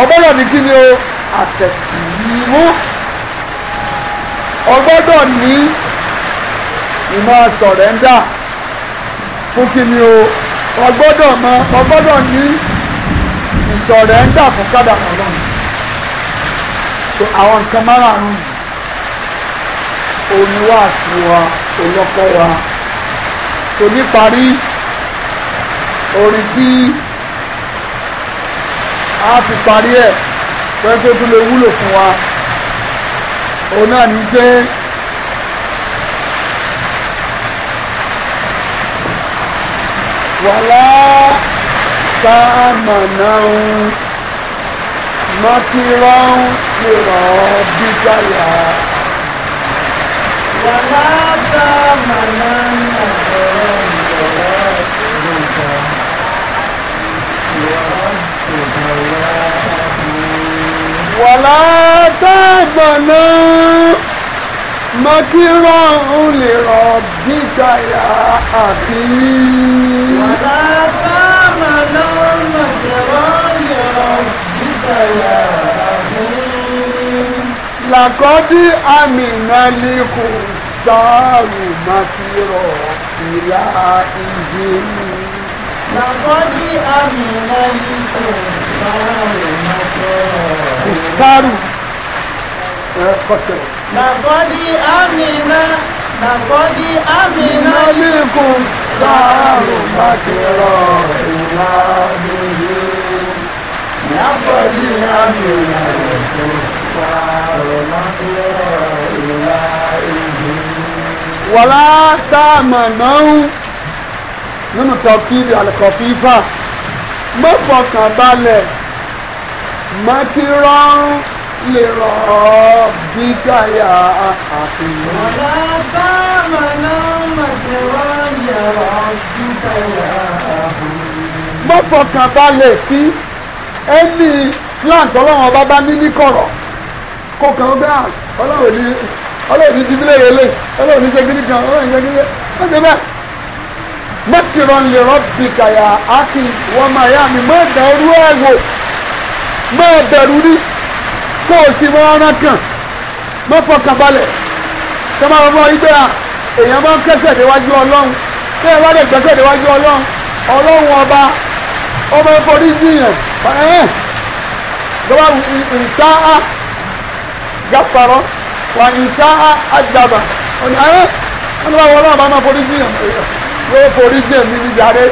ọgbọ́dọ̀ ní kí ni o àtẹ̀síwó ọgbọ́dọ̀ ní ìmọ̀ sọ̀rẹ́ńdà fún kí ni o ọgbọ́dọ̀ mọ ọgbọ́dọ̀ ní ìsọ̀rẹ́ńdà fún kádà ọlọ́run àwọn nǹkan márùn-ún oníwàásù wa olọ́kọ́ wa tò níparí orin tí a fi parí ẹ̀ pé tó tún lè wúlò fún wa òun náà ní pé wàlá tá a náà ń mọ́kírọ́ ń pèrọ̀ bí jáyà wàlá tàgbọ̀nà makirọ̀ olè rọ̀ bíkà yà àbí. wàlá tàgbọ̀nà makirọ̀ olè rọ̀ bíkà yà àbí. làkọ́dí àmì náà lè kù sáàrù màkìrọ̀ ìlà ìgbé mi. làkọ́dí àmì láyé kò sáàrù màkìrọ̀. kò sáàrù kọsẹ̀rọ̀. làkọ́dí àmì náà. Nàkọ́dí àmìnà líkù sáàrù bàkìrọ̀ ìlà àbúrú. Nàkọ́dí àmìnà wàlá táàmà náà nínú tọ́kìlì àlùkọ̀fífà má fọkàn balẹ̀ mọ́kírọ́ lè rọ̀ ọ́ bí káyà àfihàn. wàlá táàmà náà mọ̀kírọ́ lè rọ̀ ọ́ bí káyà àfihàn. má fọkàn balẹ̀ sí ẹni láǹtọ́ lọ́wọ́ bá bá ní ní kọ̀rọ̀ kó kàn ó bẹ́ẹ̀ ọlọ́run ní ọlọ́run ní dìbílẹ̀ rẹ̀ lé ọlọ́run ní segiri kan ọlọ́run ní segiri kan ọjọ́ bẹ́ẹ̀ mẹ́kìrọ̀ ń lè rọ́bì kàyà ákì wọ́n máa yá mi má dẹ̀rú ẹ̀ wò má dẹ̀rú rí kó o sì máa rán kàn má fọkàn balẹ̀ tó máa rọ́ ibẹ̀ à èèyàn máa ń kẹ́sẹ̀ déwájú ọlọ́run tẹ́lẹ̀ bá lè gbẹ́sẹ̀ déwájú ọlọ́run ọlọ́run ọba ọmọ ìforí jiyàn ẹ̀ẹ́n tó bá ìta á gáparọ́ wà ní sá àjàbà ọ̀nà ẹ̀ wọ́n bá wọlé ọ̀bá máa forí jìyàn ló forí jìyàn mi níbi àárẹ̀.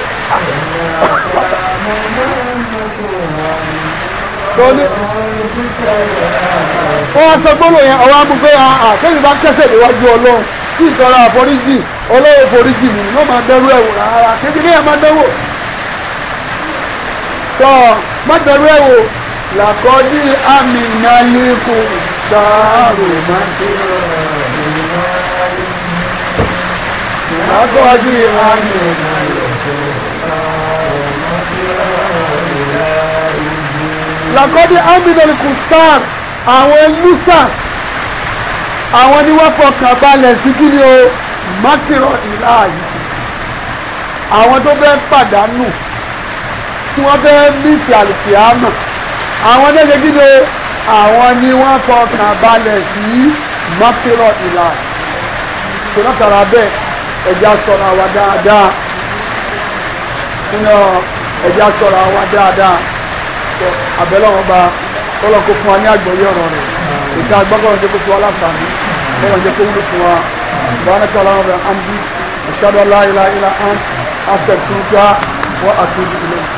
wọ́n sọ gbọ́dọ̀ yẹn ọ̀rọ̀ amúgbé àtẹ́yìn ah, ah, bá kẹ́sẹ̀ níwájú ọlọ́run tí ìtọ́ra àforíjì ọlọ́run foríjì mi ló máa dẹrú ẹ̀wò rárá kékeré yẹn máa dẹ́wò tọ́ má ẹ̀wò làkọ́jú àmì nàlẹ́kùn sáré máa ń tó akọ́jú ìlànà làkọ́dí amidol kusan àwọn losers àwọn ni wọ́n fọkàn balẹ̀ sí kí ni o mákìrọ̀ ìlàyé àwọn tó fẹ́ pàdánù tí wọ́n fẹ́ mísì àlùkìyàmọ̀ àwọn náà ṣe kí o àwọn ni wọ́n fọkàn balẹ̀ sí mọ́kìrọ̀ ìlà tó látara bẹ́ẹ̀ ẹja sọ̀rọ̀ àwa dáadáa nínú ẹja sọ̀rọ̀ àwa dáadáa àbẹ̀lọ́wọ́n bá kọ́lọ́ kó fún wa ní àgbọ́yé ọ̀rọ̀ rẹ̀ ìta agbọ́kọ̀rọ̀ jẹ́ kó sọ aláǹfààní kọ́lọ́ jẹ́ kó wúlò fún wa subhanaka allahumma wa bihamdik ashhadu an la ilaha illa ant astaghfiruka wa atubu ilayk